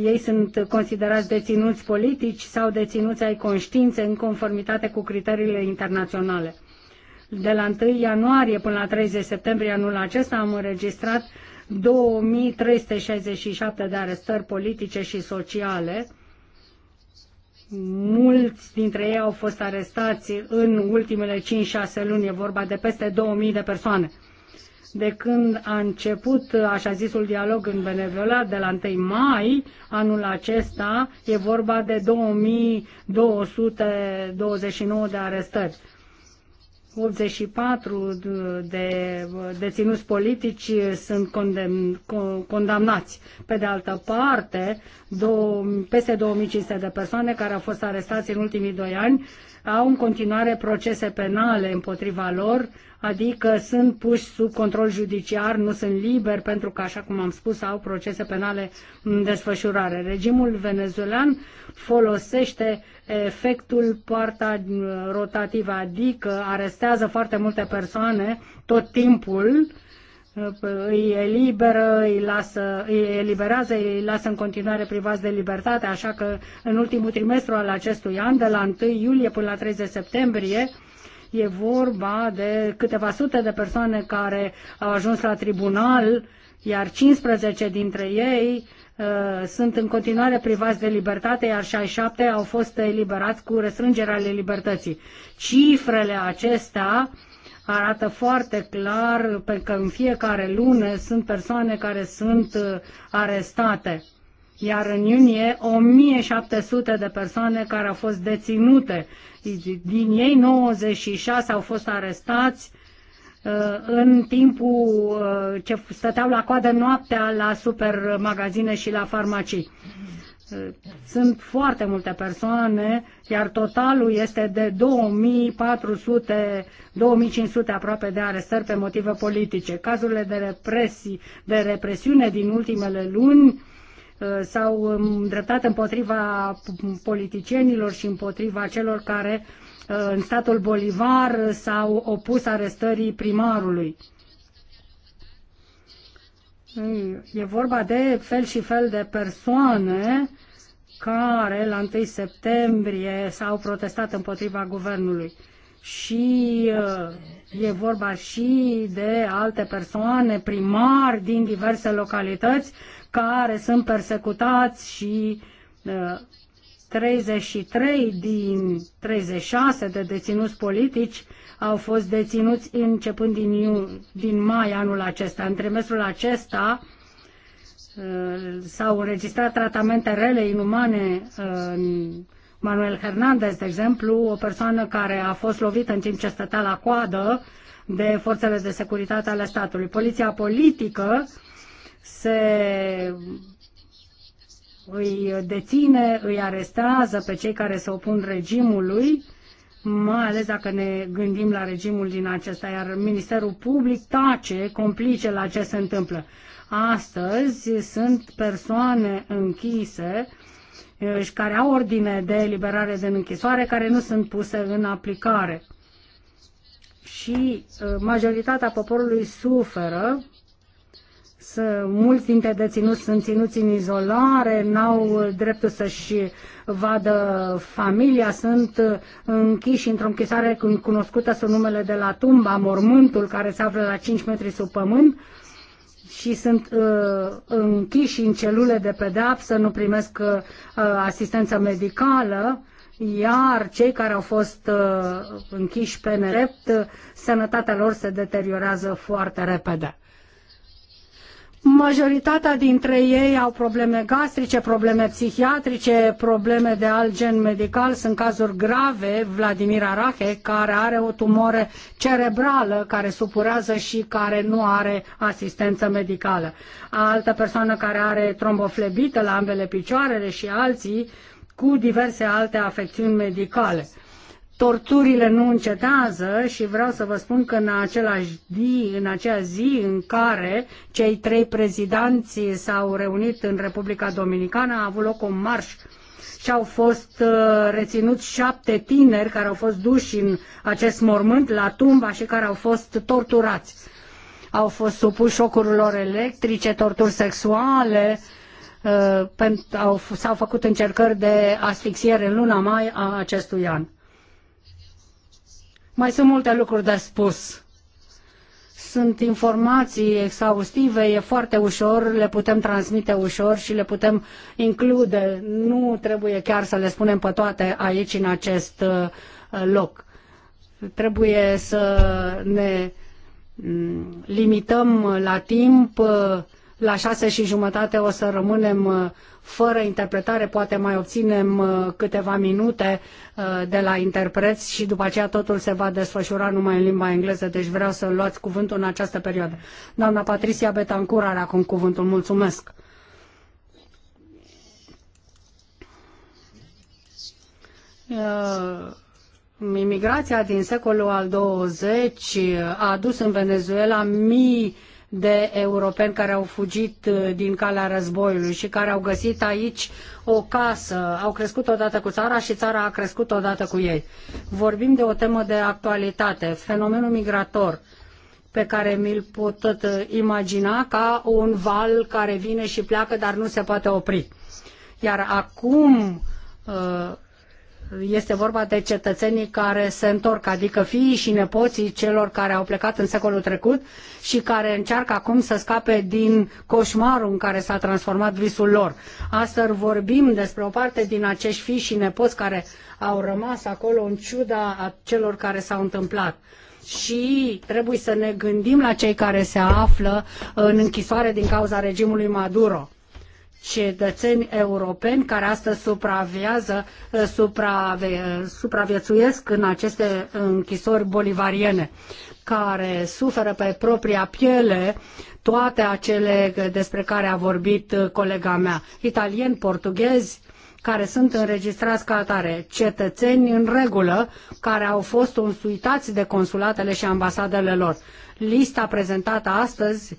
ei sunt considerați deținuți politici sau deținuți ai conștiințe în conformitate cu criteriile internaționale. De la 1 ianuarie până la 30 septembrie anul acesta am înregistrat 2367 de arestări politice și sociale. Mulți dintre ei au fost arestați în ultimele 5-6 luni, e vorba de peste 2000 de persoane. De când a început așa zisul dialog în Venezuela, de la 1 mai anul acesta, e vorba de 2229 de arestări. 84 de deținuți politici sunt condemn, condamnați. Pe de altă parte, două, peste 2500 de persoane care au fost arestați în ultimii doi ani au în continuare procese penale împotriva lor, adică sunt puși sub control judiciar, nu sunt liberi pentru că, așa cum am spus, au procese penale în desfășurare. Regimul venezuelan folosește efectul poarta rotativă, adică arestează foarte multe persoane tot timpul, îi eliberă, îi, lasă, îi eliberează, îi lasă în continuare privați de libertate, așa că în ultimul trimestru al acestui an, de la 1 iulie până la 30 septembrie, e vorba de câteva sute de persoane care au ajuns la tribunal, iar 15 dintre ei uh, sunt în continuare privați de libertate, iar 67 au fost eliberați cu restrângerea ale libertății. Cifrele acestea uh, arată foarte clar că în fiecare lună sunt persoane care sunt uh, arestate. Iar în iunie 1700 de persoane care au fost deținute. Din ei 96 au fost arestați uh, în timpul uh, ce stăteau la coadă noaptea la supermagazine și la farmacii. Sunt foarte multe persoane, iar totalul este de 2400, 2500 aproape de arestări pe motive politice. Cazurile de, represii, de represiune din ultimele luni uh, s-au um, îndreptat împotriva politicienilor și împotriva celor care uh, în statul Bolivar s-au opus arestării primarului E vorba de fel și fel de persoane care la 1 septembrie s-au protestat împotriva guvernului. Și uh, e vorba și de alte persoane, primari din diverse localități, care sunt persecutați și uh, 33 din 36 de deținuți politici au fost deținuți începând din, iu, din mai anul acesta. În trimestrul acesta uh, s-au înregistrat tratamente rele, inumane. Manuel Hernandez, de exemplu, o persoană care a fost lovită în timp ce stătea la coadă de forțele de securitate ale statului. Poliția politică se îi deține, îi arestează pe cei care se opun regimului, mai ales dacă ne gândim la regimul din acesta, iar Ministerul Public tace, complice la ce se întâmplă. Astăzi sunt persoane închise și care au ordine de eliberare din închisoare, care nu sunt puse în aplicare. Și uh, majoritatea poporului suferă mulți dintre deținuți sunt ținuți în izolare, n-au dreptul să-și vadă familia, sunt închiși într-o închisoare cunoscută sub numele de la tumba, mormântul, care se află la 5 metri sub pământ și sunt uh, închiși în celule de pedeapsă, nu primesc uh, asistență medicală, iar cei care au fost uh, închiși pe nerept, uh, sănătatea lor se deteriorează foarte repede. Majoritatea dintre ei au probleme gastrice, probleme psihiatrice, probleme de alt gen medical. Sunt cazuri grave, Vladimir Arache, care are o tumoră cerebrală, care supurează și care nu are asistență medicală. Altă persoană care are tromboflebită la ambele picioarele și alții cu diverse alte afecțiuni medicale torturile nu încetează și vreau să vă spun că în, același zi, în acea zi în care cei trei prezidanți s-au reunit în Republica Dominicană a avut loc un marș și au fost uh, reținuți șapte tineri care au fost duși în acest mormânt la tumba și care au fost torturați. Au fost supuși șocurilor electrice, torturi sexuale, uh, s-au făcut încercări de asfixiere în luna mai a acestui an. Mai sunt multe lucruri de spus. Sunt informații exhaustive, e foarte ușor, le putem transmite ușor și le putem include. Nu trebuie chiar să le spunem pe toate aici, în acest uh, loc. Trebuie să ne mm, limităm la timp uh, la șase și jumătate o să rămânem uh, fără interpretare, poate mai obținem uh, câteva minute uh, de la interpreți și după aceea totul se va desfășura numai în limba engleză, deci vreau să luați cuvântul în această perioadă. Doamna Patricia Betancur are acum cuvântul, mulțumesc! Imigrația din secolul al XX a adus în Venezuela mii de europeni care au fugit uh, din calea războiului și care au găsit aici o casă, au crescut odată cu țara și țara a crescut odată cu ei. Vorbim de o temă de actualitate, fenomenul migrator pe care mi-l pot uh, imagina ca un val care vine și pleacă, dar nu se poate opri. Iar acum uh, este vorba de cetăenii care se întorc, adică fiii și nepoii celor care au plecat în secolul trecut și care încearcă acum să scape din coșmarul în care s-a transformat visul lor. Astăzi vorbim despre o parte din acești fii și nepoți care au rămas acolo în ciuda celor care s-au întâmplat și trebuie să ne gândim la cei care se află în închisoare din cauza regimului Maduro cetățeni europeni care astăzi supraviază, uh, supravie, uh, supraviețuiesc în aceste închisori bolivariene, care suferă pe propria piele toate acele uh, despre care a vorbit colega mea, italieni, portughezi, care sunt înregistrați ca atare, cetățeni în regulă, care au fost însuitați de consulatele și ambasadele lor. Lista prezentată astăzi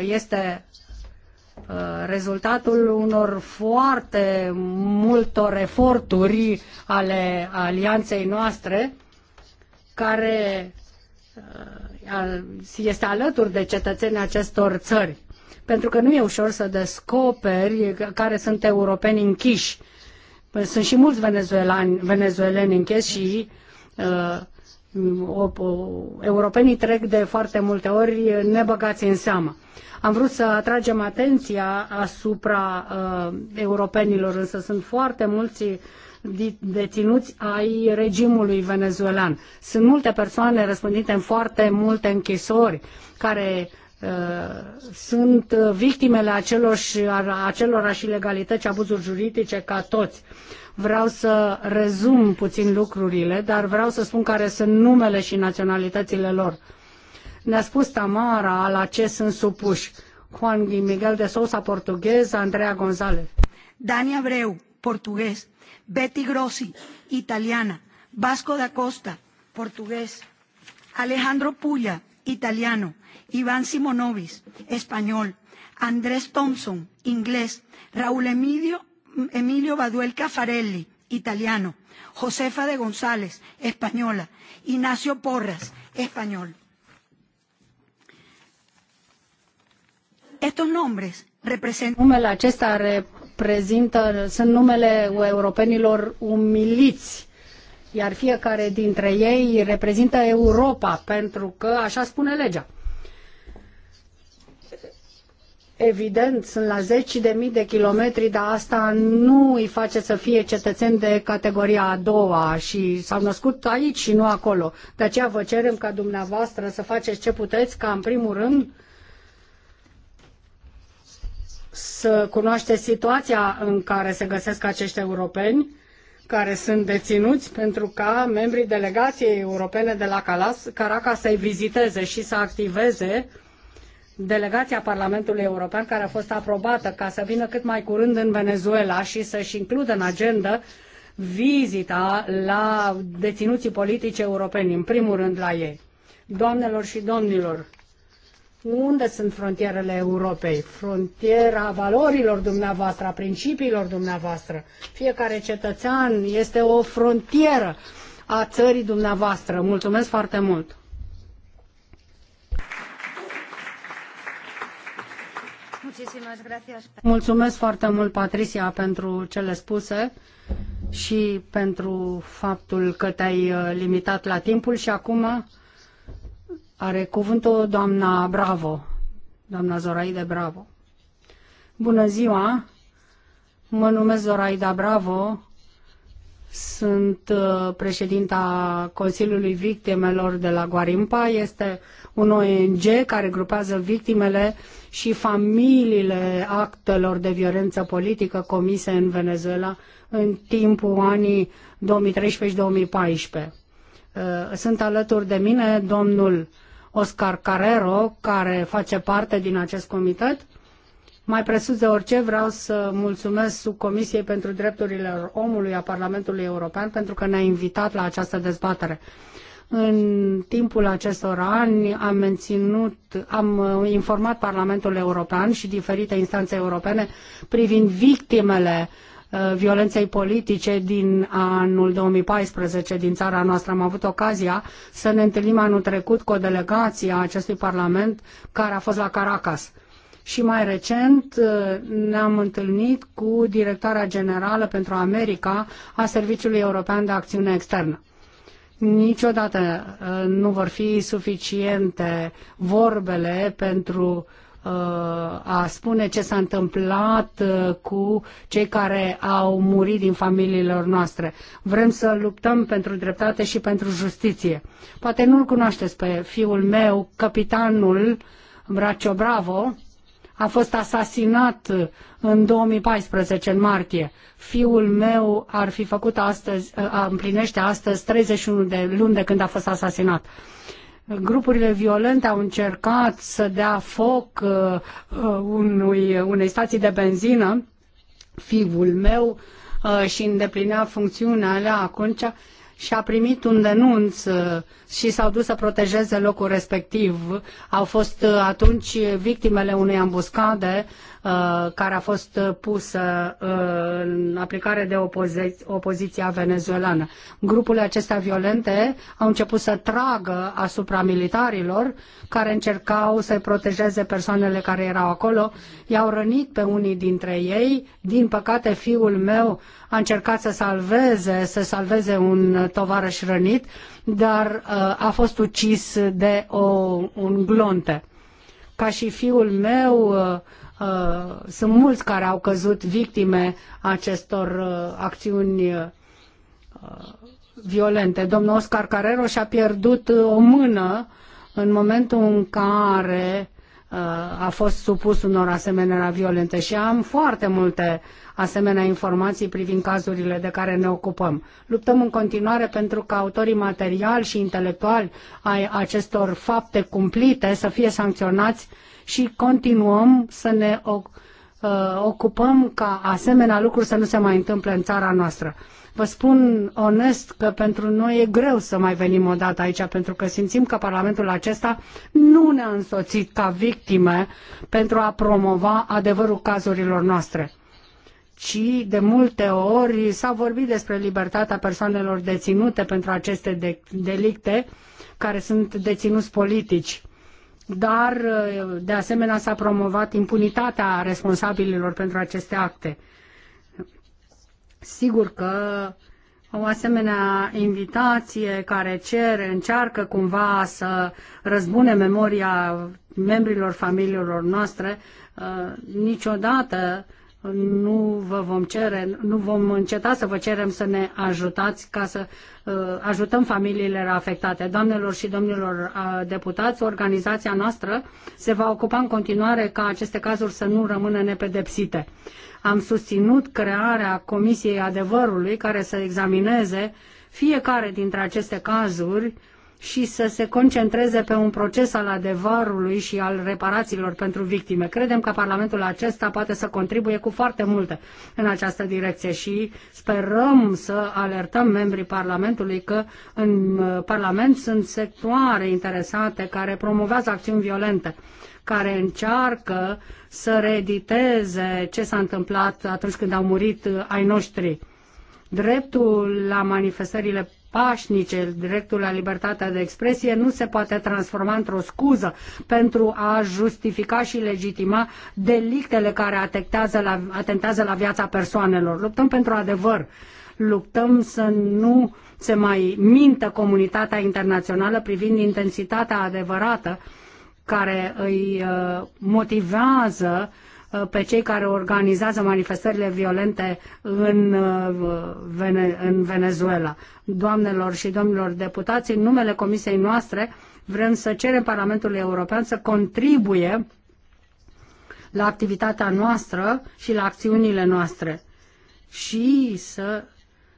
este Uh, rezultatul unor foarte multor eforturi ale alianței noastre care uh, este alături de cetățenii acestor țări. Pentru că nu e ușor să descoperi care sunt europeni închiși. Păi sunt și mulți venezuelani, venezueleni închiși și uh, europenii trec de foarte multe ori nebăgați în seamă. Am vrut să atragem atenția asupra uh, europenilor, însă sunt foarte mulți deținuți ai regimului venezuelan. Sunt multe persoane răspândite în foarte multe închisori care uh, sunt victimele acelorași ilegalități, abuzuri juridice ca toți. Vreau să rezum puțin lucrurile, dar vreau să spun care sunt numele și naționalitățile lor. Uh, ne-a spus Tamara la ce sunt supuși. Juan Miguel de Sousa, portughez, Andrea González. Dani Abreu, Portughez, Betty Grossi, italiana. Vasco da Costa, Portughez, Alejandro Puya, italiano. Iván Simonovis, español. Andrés Thompson, inglés. Raúl Emilio, Emilio Baduel Cafarelli italiano. Josefa de González, española. Ignacio Porras, español. Estos nombres representan... Numele acesta reprezintă, sunt numele europenilor umiliți, iar fiecare dintre ei reprezintă Europa, pentru că așa spune legea. Evident, sunt la zeci de mii de kilometri, dar asta nu îi face să fie cetățeni de categoria a doua și s-au născut aici și nu acolo. De aceea vă cerem ca dumneavoastră să faceți ce puteți ca în primul rând să cunoaște situația în care se găsesc acești europeni care sunt deținuți pentru ca membrii delegației europene de la Caracas să-i viziteze și să activeze delegația Parlamentului European care a fost aprobată ca să vină cât mai curând în Venezuela și să-și includă în agenda vizita la deținuții politici europeni, în primul rând la ei. Doamnelor și domnilor, unde sunt frontierele Europei? Frontiera valorilor dumneavoastră, a principiilor dumneavoastră. Fiecare cetățean este o frontieră a țării dumneavoastră. Mulțumesc foarte mult! Mulțumesc foarte mult, Patricia, pentru cele spuse și pentru faptul că te-ai uh, limitat la timpul și acum are cuvântul doamna Bravo, doamna Zoraide Bravo. Bună ziua, mă numesc Zoraida Bravo, sunt uh, președinta Consiliului Victimelor de la Guarimpa. Este un ONG care grupează victimele și familiile actelor de violență politică comise în Venezuela în timpul anii 2013 2014. Uh, sunt alături de mine domnul Oscar Carrero, care face parte din acest comitet. Mai presus de orice, vreau să mulțumesc subcomisiei pentru drepturile omului a Parlamentului European pentru că ne-a invitat la această dezbatere. În timpul acestor ani am menținut, am informat Parlamentul European și diferite instanțe europene privind victimele uh, Uh, violenței politice din anul 2014 din țara noastră. Am avut ocazia să ne întâlnim anul trecut cu o delegație a acestui Parlament care a fost la Caracas. Și mai recent uh, ne-am întâlnit cu directoarea generală pentru America a Serviciului European de Acțiune Externă niciodată uh, nu vor fi suficiente vorbele pentru a spune ce s-a întâmplat uh, cu cei care au murit din familiilor noastre. Vrem să luptăm pentru dreptate și pentru justiție. Poate nu-l cunoașteți pe fiul meu, capitanul Bracio Bravo, a fost asasinat în 2014, în martie. Fiul meu ar fi făcut astăzi, uh, împlinește astăzi 31 de luni de când a fost asasinat grupurile violente au încercat să dea foc uh, uh, unui, unei stații de benzină, fiul meu, uh, și îndeplinea funcțiunea alea atunci și a primit un denunț și s-au dus să protejeze locul respectiv. Au fost atunci victimele unei ambuscade Uh, care a fost pusă uh, în aplicare de opozi- opoziția venezuelană. Grupurile acestea violente au început să tragă asupra militarilor care încercau să protejeze persoanele care erau acolo. I-au rănit pe unii dintre ei. Din păcate, fiul meu a încercat să salveze, să salveze un tovarăș rănit, dar uh, a fost ucis de o, un glonte. Ca și fiul meu, Uh, sunt mulți care au căzut victime acestor uh, acțiuni uh, violente. Domnul Oscar Carrero și-a pierdut uh, o mână în momentul în care uh, a fost supus unor asemenea violente și am foarte multe asemenea informații privind cazurile de care ne ocupăm. Luptăm în continuare pentru ca autorii materiali și intelectuali ai acestor fapte cumplite să fie sancționați și continuăm să ne uh, ocupăm ca asemenea lucruri să nu se mai întâmple în țara noastră. Vă spun onest că pentru noi e greu să mai venim o dată aici, pentru că simțim că Parlamentul acesta nu ne-a însoțit ca victime pentru a promova adevărul cazurilor noastre ci de multe ori s-a vorbit despre libertatea persoanelor deținute pentru aceste de- delicte care sunt deținuți politici dar de asemenea s-a promovat impunitatea responsabililor pentru aceste acte. Sigur că o asemenea invitație care cere, încearcă cumva să răzbune memoria membrilor familiilor noastre, uh, niciodată nu vă vom cere, nu vom înceta să vă cerem să ne ajutați ca să uh, ajutăm familiile afectate. Doamnelor și domnilor uh, deputați, organizația noastră se va ocupa în continuare ca aceste cazuri să nu rămână nepedepsite. Am susținut crearea Comisiei Adevărului care să examineze fiecare dintre aceste cazuri și să se concentreze pe un proces al adevărului și al reparațiilor pentru victime. Credem că Parlamentul acesta poate să contribuie cu foarte multe în această direcție și sperăm să alertăm membrii Parlamentului că în uh, Parlament sunt sectoare interesate care promovează acțiuni violente care încearcă să reediteze ce s-a întâmplat atunci când au murit uh, ai noștri. Dreptul la manifestările pașnice, dreptul la libertatea de expresie nu se poate transforma într-o scuză pentru a justifica și legitima delictele care atentează la, atentează la viața persoanelor. Luptăm pentru adevăr luptăm să nu se mai mintă comunitatea internațională privind intensitatea adevărată care îi uh, motivează Uh, pe cei care organizează manifestările violente în, uh, Vene- în Venezuela. Doamnelor și domnilor deputați, în numele comisiei noastre vrem să cerem Parlamentului European să contribuie la activitatea noastră și la acțiunile noastre și să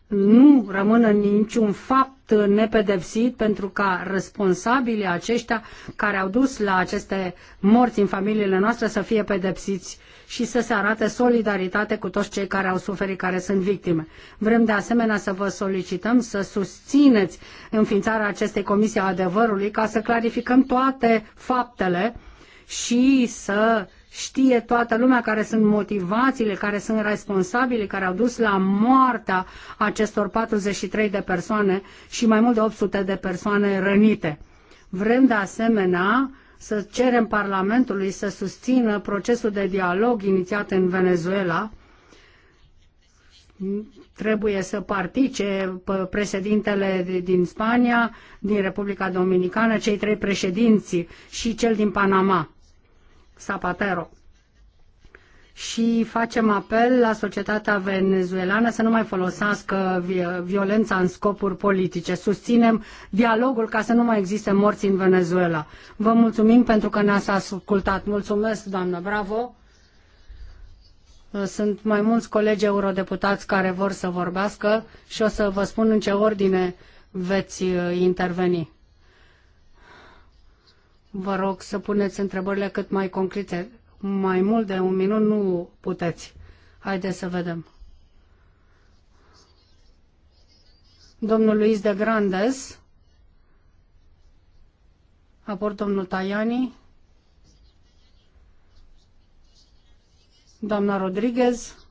nu rămână niciun fapt nepedepsit pentru ca responsabilii aceștia care au dus la aceste morți în familiile noastre să fie pedepsiți și să se arate solidaritate cu toți cei care au suferit, care sunt victime. Vrem de asemenea să vă solicităm să susțineți înființarea acestei comisii a adevărului ca să clarificăm toate faptele și să știe toată lumea care sunt motivațiile, care sunt responsabile, care au dus la moartea acestor 43 de persoane și mai mult de 800 de persoane rănite. Vrem de asemenea să cerem Parlamentului să susțină procesul de dialog inițiat în Venezuela. Trebuie să participe președintele din Spania, din Republica Dominicană, cei trei președinți și cel din Panama Zapatero. Și facem apel la societatea venezuelană să nu mai folosească violența în scopuri politice. Susținem dialogul ca să nu mai existe morți în Venezuela. Vă mulțumim pentru că ne-ați ascultat. Mulțumesc, doamnă, bravo! Sunt mai mulți colegi eurodeputați care vor să vorbească și o să vă spun în ce ordine veți uh, interveni. Vă rog să puneți întrebările cât mai concrete. Mai mult de un minut nu puteți. Haideți să vedem. Domnul Luis de Grandes, apoi domnul Tajani, doamna Rodriguez,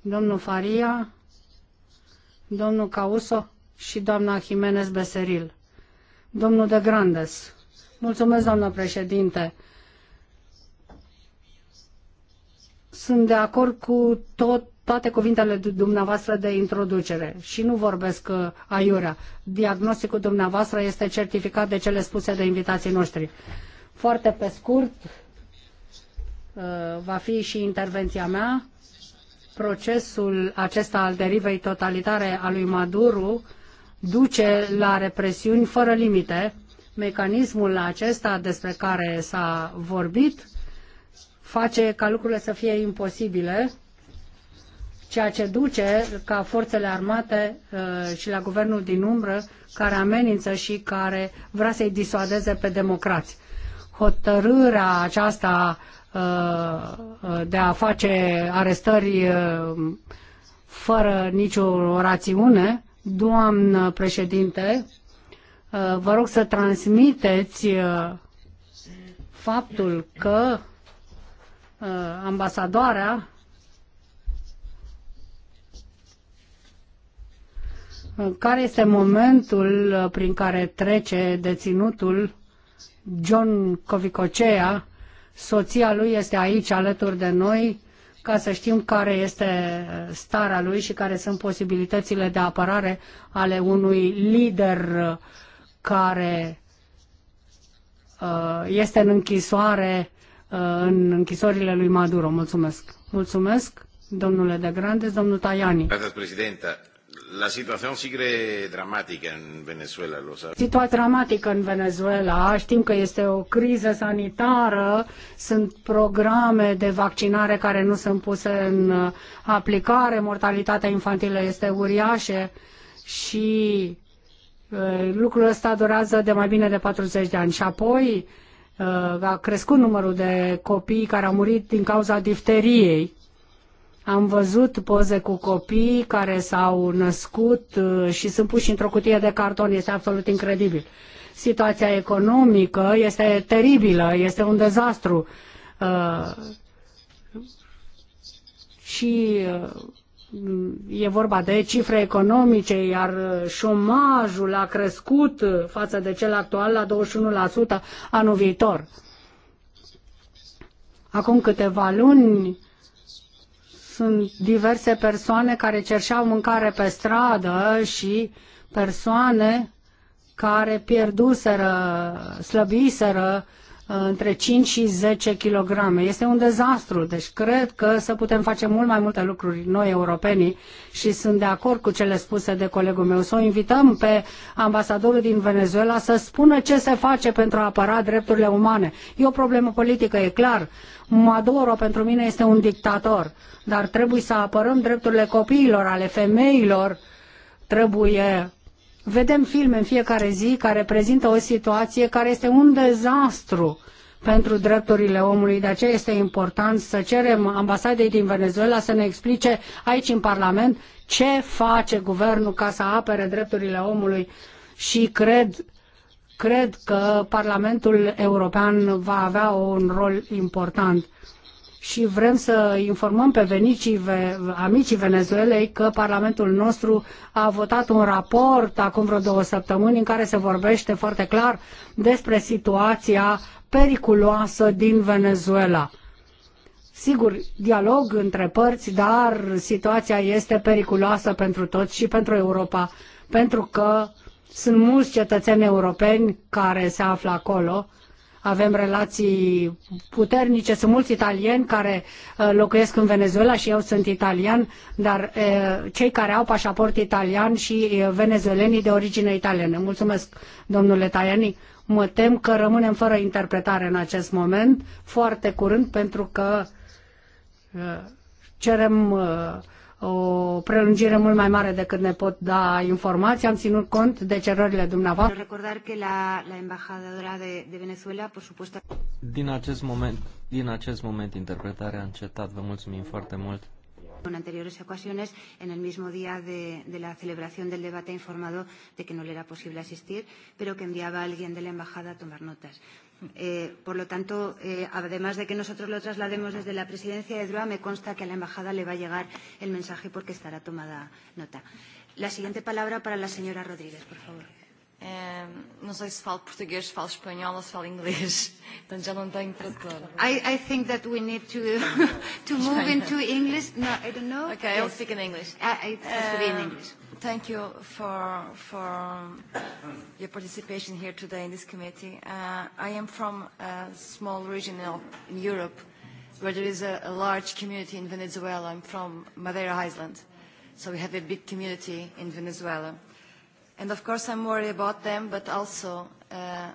domnul Faria, domnul Causo și doamna Jimenez Beseril. Domnul de Grandes. Mulțumesc, doamnă președinte. Sunt de acord cu tot, toate cuvintele dumneavoastră de introducere și nu vorbesc uh, aiurea. Diagnosticul dumneavoastră este certificat de cele spuse de invitații noștri. Foarte pe scurt, uh, va fi și intervenția mea. Procesul acesta al derivei totalitare a lui Maduro duce la represiuni fără limite mecanismul acesta despre care s-a vorbit face ca lucrurile să fie imposibile, ceea ce duce ca forțele armate uh, și la guvernul din umbră care amenință și care vrea să-i disuadeze pe democrați. Hotărârea aceasta uh, uh, de a face arestări fără nicio rațiune, doamnă președinte, Uh, vă rog să transmiteți uh, faptul că uh, ambasadoarea care este momentul prin care trece deținutul John Covicocea. Soția lui este aici alături de noi ca să știm care este starea lui și care sunt posibilitățile de apărare ale unui lider care uh, este în închisoare uh, în închisorile lui Maduro. Mulțumesc. Mulțumesc, domnule de Grandes, domnul Tajani. La situația sigue dramatică în Venezuela. Situația dramatică în Venezuela. Știm că este o criză sanitară, sunt programe de vaccinare care nu sunt puse în uh, aplicare, mortalitatea infantilă este uriașă și Eh, lucrul ăsta durează de mai bine de 40 de ani și apoi eh, a crescut numărul de copii care au murit din cauza difteriei. Am văzut poze cu copii care s-au născut eh, și sunt puși într-o cutie de carton. Este absolut incredibil. Situația economică este teribilă, este un dezastru. Și e vorba de cifre economice, iar șomajul a crescut față de cel actual la 21% anul viitor. Acum câteva luni sunt diverse persoane care cerșeau mâncare pe stradă și persoane care pierduseră, slăbiseră între 5 și 10 kg. Este un dezastru, deci cred că să putem face mult mai multe lucruri noi europenii și sunt de acord cu cele spuse de colegul meu. Să o invităm pe ambasadorul din Venezuela să spună ce se face pentru a apăra drepturile umane. E o problemă politică, e clar. Maduro pentru mine este un dictator, dar trebuie să apărăm drepturile copiilor, ale femeilor, trebuie Vedem filme în fiecare zi care prezintă o situație care este un dezastru pentru drepturile omului. De aceea este important să cerem ambasadei din Venezuela să ne explice aici în Parlament ce face guvernul ca să apere drepturile omului și cred, cred că Parlamentul European va avea un rol important și vrem să informăm pe venicii, amicii Venezuelei că Parlamentul nostru a votat un raport acum vreo două săptămâni în care se vorbește foarte clar despre situația periculoasă din Venezuela. Sigur, dialog între părți, dar situația este periculoasă pentru toți și pentru Europa, pentru că sunt mulți cetățeni europeni care se află acolo avem relații puternice. Sunt mulți italieni care uh, locuiesc în Venezuela și eu sunt italian, dar uh, cei care au pașaport italian și uh, venezuelenii de origine italiană. Mulțumesc, domnule Tajani. Mă tem că rămânem fără interpretare în acest moment, foarte curând, pentru că cerem o prelungire mult mai mare decât ne pot da informații. Am ținut cont de cerările dumneavoastră. Din acest moment, din acest moment interpretarea a încetat. Vă mulțumim foarte mult. En anteriores ocasiones, en el mismo día de, de la celebración del debate, ha informado de que no le era posible asistir, pero que enviaba a alguien de la embajada a tomar notas. Eh, por lo tanto, eh, además de que nosotros lo traslademos desde la presidencia de DROA, me consta que a la embajada le va a llegar el mensaje porque estará tomada nota. La siguiente palabra para la señora Rodríguez, por favor. No sé si se falo portugués, se falo español o se falo inglés. Entonces ya no tengo tradutor. I, I think that we need to, to move into English. No, I don't know. Okay, yes. I'll speak in English. Uh, it has to be in English. Thank you for, for um, your participation here today in this committee. Uh, I am from a small region in Europe where there is a, a large community in Venezuela. I'm from Madeira Island, so we have a big community in Venezuela. And of course I'm worried about them, but also uh,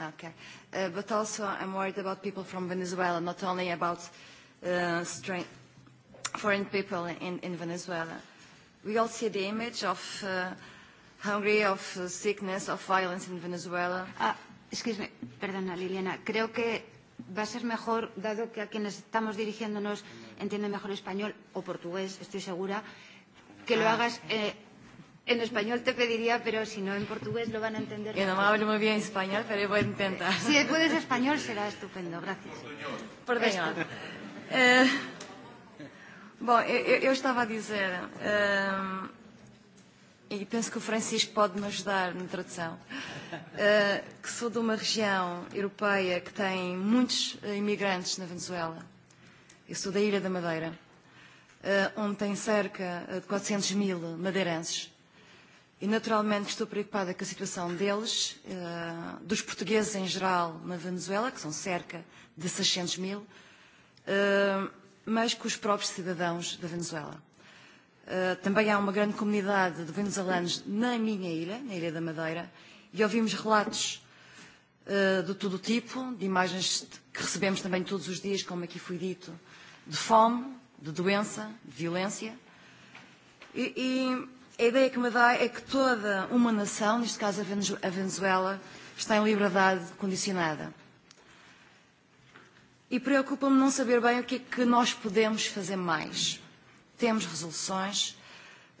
Okay. Uh, but also I'm worried about people from Venezuela, not only about uh, strength foreign people in, in Venezuela. We all see the image of uh, hungry, of uh, sickness, of violence in Venezuela. Ah, excuse me, perdona Liliana, creo que va a ser mejor, dado que a quienes estamos dirigiéndonos entienden mejor español o portugués, estoy segura, que lo ah. hagas... Eh, En español te pediría, pero si no en portugués lo van a entender. Que no me hablo muy bien español, pero voy a intentar. Si puedes español será estupendo, gracias. Por, Portuñol. Eh, Bom, eu, eu estava a dizer, um, e penso que o Francisco pode me ajudar na tradução, uh, que sou de uma região europeia que tem muitos eh, imigrantes na Venezuela. Eu sou da Ilha da Madeira, uh, onde tem cerca de 400 mil madeirenses. E naturalmente estou preocupada com a situação deles, uh, dos portugueses em geral na Venezuela, que são cerca de 600 mil, uh, mas com os próprios cidadãos da Venezuela. Uh, também há uma grande comunidade de venezuelanos na minha ilha, na Ilha da Madeira, e ouvimos relatos uh, de todo o tipo, de imagens que recebemos também todos os dias, como aqui foi dito, de fome, de doença, de violência. E, e a ideia que me dá é que toda uma nação, neste caso a Venezuela, está em liberdade condicionada. E preocupa-me não saber bem o que é que nós podemos fazer mais. Temos resoluções,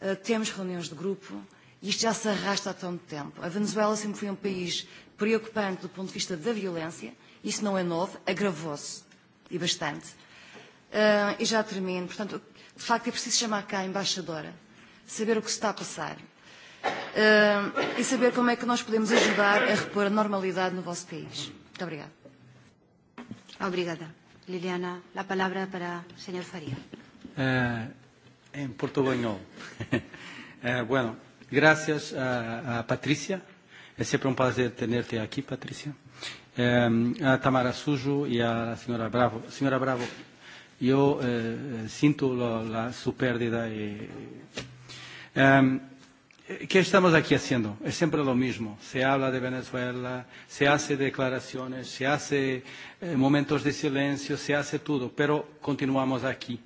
eh, temos reuniões de grupo, e isto já se arrasta há tanto tempo. A Venezuela sempre foi um país preocupante do ponto de vista da violência, isso não é novo, agravou-se, e bastante. Eh, e já termino, portanto, de facto é preciso chamar cá a embaixadora, saber o que se está a passar, eh, e saber como é que nós podemos ajudar a repor a normalidade no vosso país. Muito obrigada. Obrigada. Liliana, la palabra para el señor Faría. Eh, en portugués. eh, bueno, gracias a, a Patricia. Es siempre un placer tenerte aquí, Patricia. Eh, a Tamara Sujo y a la señora Bravo. Señora Bravo, yo eh, eh siento la, la, su pérdida. Y, eh, ¿Qué estamos aquí haciendo? Es siempre lo mismo. Se habla de Venezuela, se hace declaraciones, se hace eh, momentos de silencio, se hace todo, pero continuamos aquí.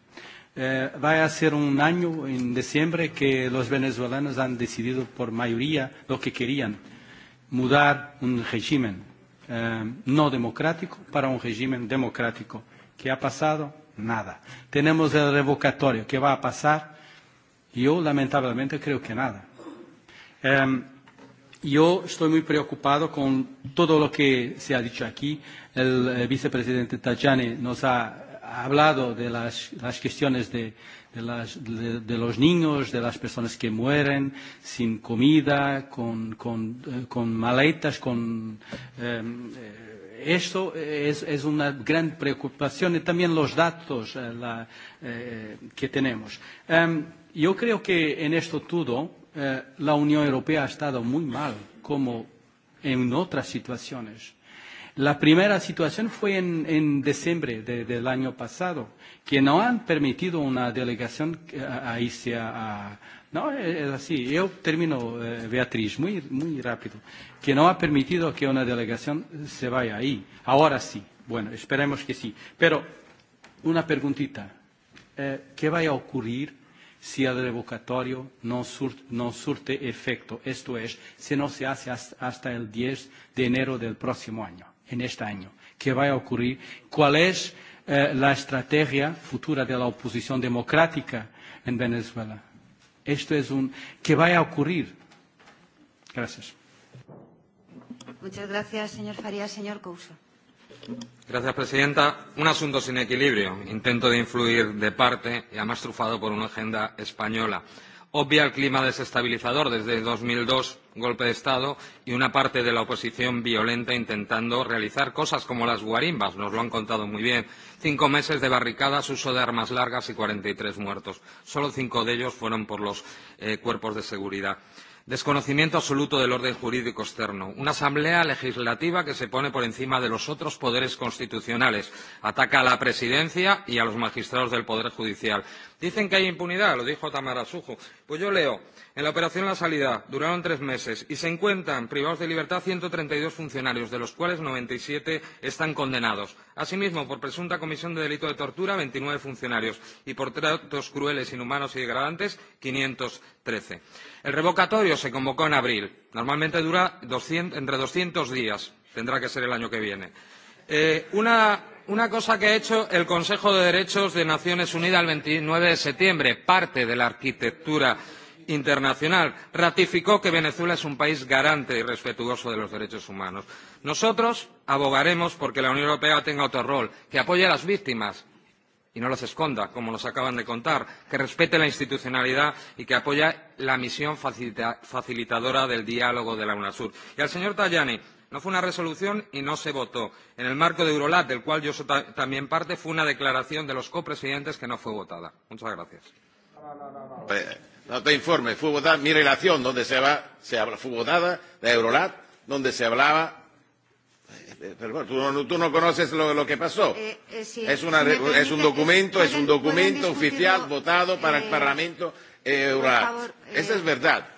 Eh, va a ser un año en diciembre que los venezolanos han decidido por mayoría lo que querían, mudar un régimen eh, no democrático para un régimen democrático. ¿Qué ha pasado? Nada. Tenemos el revocatorio. ¿Qué va a pasar? Yo lamentablemente creo que nada Um, yo estoy muy preocupado con todo lo que se ha dicho aquí. El eh, vicepresidente Tajani nos ha hablado de las, las cuestiones de, de, las, de, de los niños, de las personas que mueren sin comida, con, con, eh, con maletas, con... Eh, esto es, es una gran preocupación y también los datos eh, la, eh, que tenemos. Um, yo creo que en esto todo Eh, la Unión Europea ha estado muy mal, como en otras situaciones. La primera situación fue en, en diciembre de, del año pasado, que no han permitido una delegación eh, a irse a, a... No, es así. Yo termino, eh, Beatriz, muy, muy rápido. Que no ha permitido que una delegación se vaya ahí. Ahora sí. Bueno, esperemos que sí. Pero una preguntita. Eh, ¿Qué va a ocurrir si el revocatorio no, sur, no surte efecto, esto es, si no se hace hasta el 10 de enero del próximo año, en este año. ¿Qué va a ocurrir? ¿Cuál es eh, la estrategia futura de la oposición democrática en Venezuela? Esto es un... ¿Qué va a ocurrir? Gracias. Muchas gracias, señor Farías. Señor Couso. Señora presidenta. Un asunto sin equilibrio, intento de influir de parte y además trufado por una agenda española. Obvia el clima desestabilizador desde 2002, golpe de Estado, y una parte de la oposición violenta intentando realizar cosas como las guarimbas, nos lo han contado muy bien. Cinco meses de barricadas, uso de armas largas y 43 muertos. Solo cinco de ellos fueron por los eh, cuerpos de seguridad. Desconocimiento absoluto del orden jurídico externo. Una asamblea legislativa que se pone por encima de los otros poderes constitucionales. Ataca a la presidencia y a los magistrados del Poder Judicial. Dicen que hay impunidad, lo dijo Tamara Sujo. Pues yo leo En la operación La Salida duraron tres meses y se encuentran privados de libertad 132 funcionarios, de los cuales 97 están condenados. Asimismo, por presunta comisión de delito de tortura, 29 funcionarios y por tratos crueles, inhumanos y degradantes, 513. El revocatorio se convocó en abril. Normalmente dura 200, entre 200 días. Tendrá que ser el año que viene. Eh, una, una cosa que ha hecho el Consejo de Derechos de Naciones Unidas el 29 de septiembre, parte de la arquitectura internacional ratificó que Venezuela es un país garante y respetuoso de los derechos humanos. Nosotros abogaremos porque la Unión Europea tenga otro rol, que apoye a las víctimas y no las esconda, como nos acaban de contar, que respete la institucionalidad y que apoye la misión facilita facilitadora del diálogo de la UNASUR. Y al señor Tajani, No fue una resolución y no se votó. En el marco de Eurolat, del cual yo soy ta también parte, fue una declaración de los copresidentes que no fue votada. Muchas gracias. No te informes, fue votada mi relación donde se va, se habla, fue votada de Eurolat, donde se hablaba. Eh, eh, Pero bueno, tú no, tú no conoces lo, lo que pasó. Eh, eh, sí, es, una, si permite, es un documento, eh, es un documento oficial votado para eh, el Parlamento eh, Eurolat. eh, Esa es verdad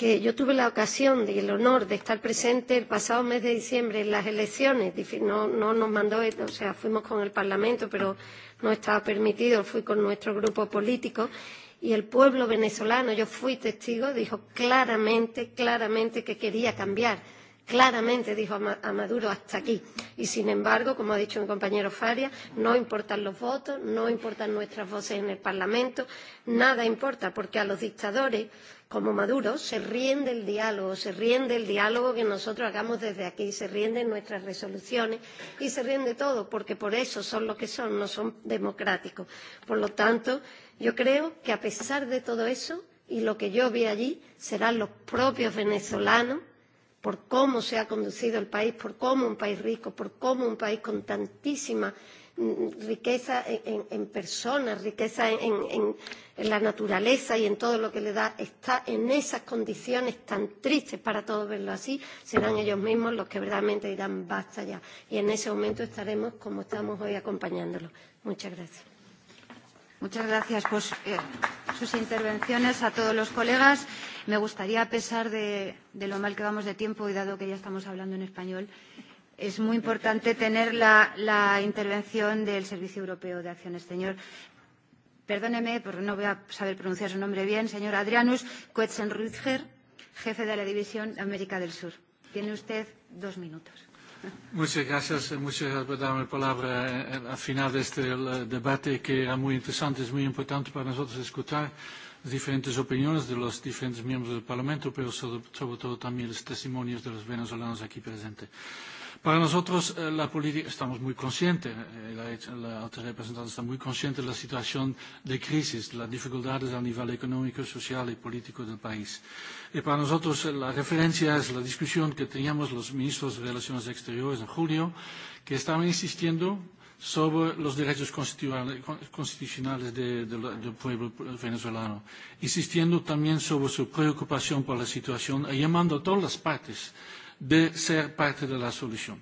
que yo tuve la ocasión y el honor de estar presente el pasado mes de diciembre en las elecciones. No, no nos mandó, o sea, fuimos con el Parlamento, pero no estaba permitido, fui con nuestro grupo político. Y el pueblo venezolano, yo fui testigo, dijo claramente, claramente que quería cambiar claramente dijo a Maduro hasta aquí. Y sin embargo, como ha dicho mi compañero Faria, no importan los votos, no importan nuestras voces en el Parlamento, nada importa, porque a los dictadores como Maduro se ríen del diálogo, se ríen del diálogo que nosotros hagamos desde aquí, se ríen de nuestras resoluciones y se ríen de todo, porque por eso son lo que son, no son democráticos. Por lo tanto, yo creo que a pesar de todo eso, y lo que yo vi allí serán los propios venezolanos por cómo se ha conducido el país, por cómo un país rico, por cómo un país con tantísimas riqueza en, en personas, riqueza en, en, en la naturaleza y en todo lo que le da, está en esas condiciones tan tristes para todos verlo así, serán ellos mismos los que verdaderamente dirán basta ya. Y en ese momento estaremos como estamos hoy acompañándolos. Muchas gracias. Muchas gracias por eh, sus intervenciones a todos los colegas. Me gustaría, a pesar de, de lo mal que vamos de tiempo y dado que ya estamos hablando en español, es muy importante tener la, la intervención del Servicio Europeo de Acción Exterior. Perdóneme, porque no voy a saber pronunciar su nombre bien, señor Adrianus Kuetzenrütger, jefe de la División América del Sur. Tiene usted dos minutos. Muchas gracias, eh, muchas gracias por darme la palabra eh, eh, al final de este debate que era muy interesante, es muy importante para nosotros escuchar las diferentes opiniones de los diferentes miembros del Parlamento, pero sobre, sobre todo también los testimonios de los venezolanos aquí presentes. Para nosotros, eh, la política, estamos muy conscientes, eh, la, la alta representante está muy consciente de la situación de crisis, de las dificultades a nivel económico, social y político del país. Y para nosotros, eh, la referencia es la discusión que teníamos los ministros de Relaciones Exteriores en julio, que estaban insistiendo sobre los derechos constitucionales del de, de pueblo venezolano, insistiendo también sobre su preocupación por la situación y llamando a todas las partes de ser parte de la solución.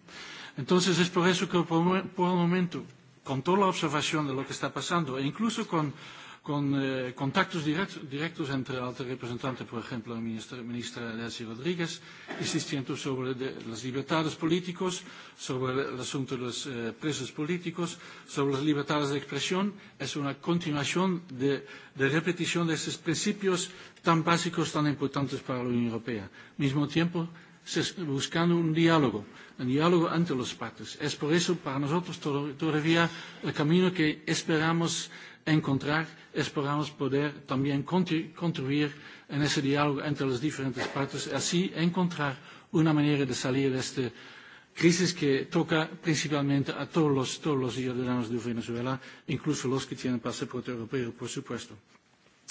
Entonces, es por eso que por, por el momento, con toda la observación de lo que está pasando, e incluso con, con eh, contactos directos, directos entre el alto representante, por ejemplo, la ministra, ministra Delcy Rodríguez, insistiendo sobre de, las libertades políticas, sobre el el asunto de los eh, presos políticos, sobre las libertades de expresión, es una continuación de, de repetición de esos principios tan básicos, tan importantes para la Unión Europea. Al Mismo tiempo, buscando un diálogo, un diálogo entre los pactos. Es por eso para nosotros todavía el camino que esperamos encontrar, esperamos poder también contribuir en ese diálogo entre los diferentes partes, así encontrar una manera de salir de esta crisis que toca principalmente a todos los, todos los ciudadanos de Venezuela, incluso los que tienen pasaporte europeo, por supuesto.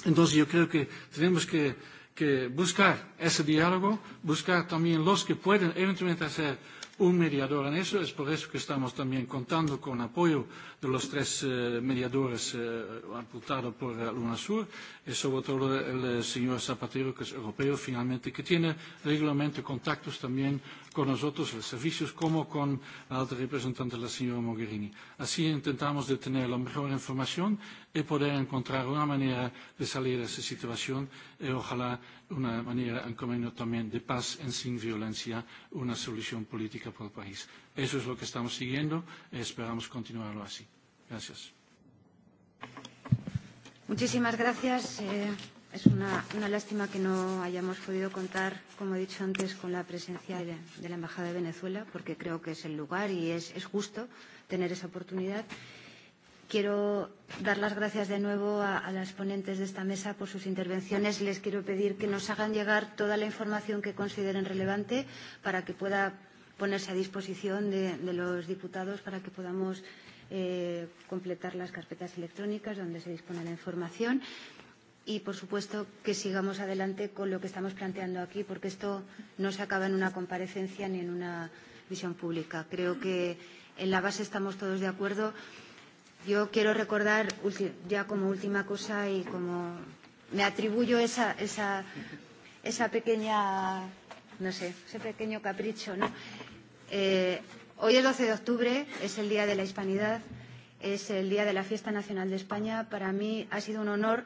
Entonces yo creo que tenemos que que buscar ese diálogo, buscar también los que pueden eventualmente hacer un mediador en eso. Es por eso que estamos también contando con apoyo de los tres eh, mediadores eh, apuntados por eh, Luna Sur y sobre todo el, el señor Zapatero, que es europeo finalmente, que tiene regularmente contactos también con nosotros, los servicios, como con la alta representante, la señora Mogherini. Así intentamos de tener la mejor información y poder encontrar una manera de salir de esa situación y ojalá una manera, en camino también de paz en sin violencia, una solución política para el país. Eso es lo que estamos siguiendo y esperamos continuarlo así. Gracias. Muchísimas gracias. Eh... Es una, una lástima que no hayamos podido contar, como he dicho antes, con la presencia de, de la Embajada de Venezuela, porque creo que es el lugar y es, es justo tener esa oportunidad. Quiero dar las gracias de nuevo a, a las ponentes de esta mesa por sus intervenciones. Les quiero pedir que nos hagan llegar toda la información que consideren relevante para que pueda ponerse a disposición de, de los diputados para que podamos eh, completar las carpetas electrónicas donde se dispone la información y, por supuesto, que sigamos adelante con lo que estamos planteando aquí, porque esto no se acaba en una comparecencia ni en una visión pública. Creo que en la base estamos todos de acuerdo. Yo quiero recordar, ya como última cosa, y como me atribuyo esa, esa, esa pequeña, no sé, ese pequeño capricho, ¿no? Eh, hoy es 12 de octubre, es el Día de la Hispanidad, es el Día de la Fiesta Nacional de España. Para mí ha sido un honor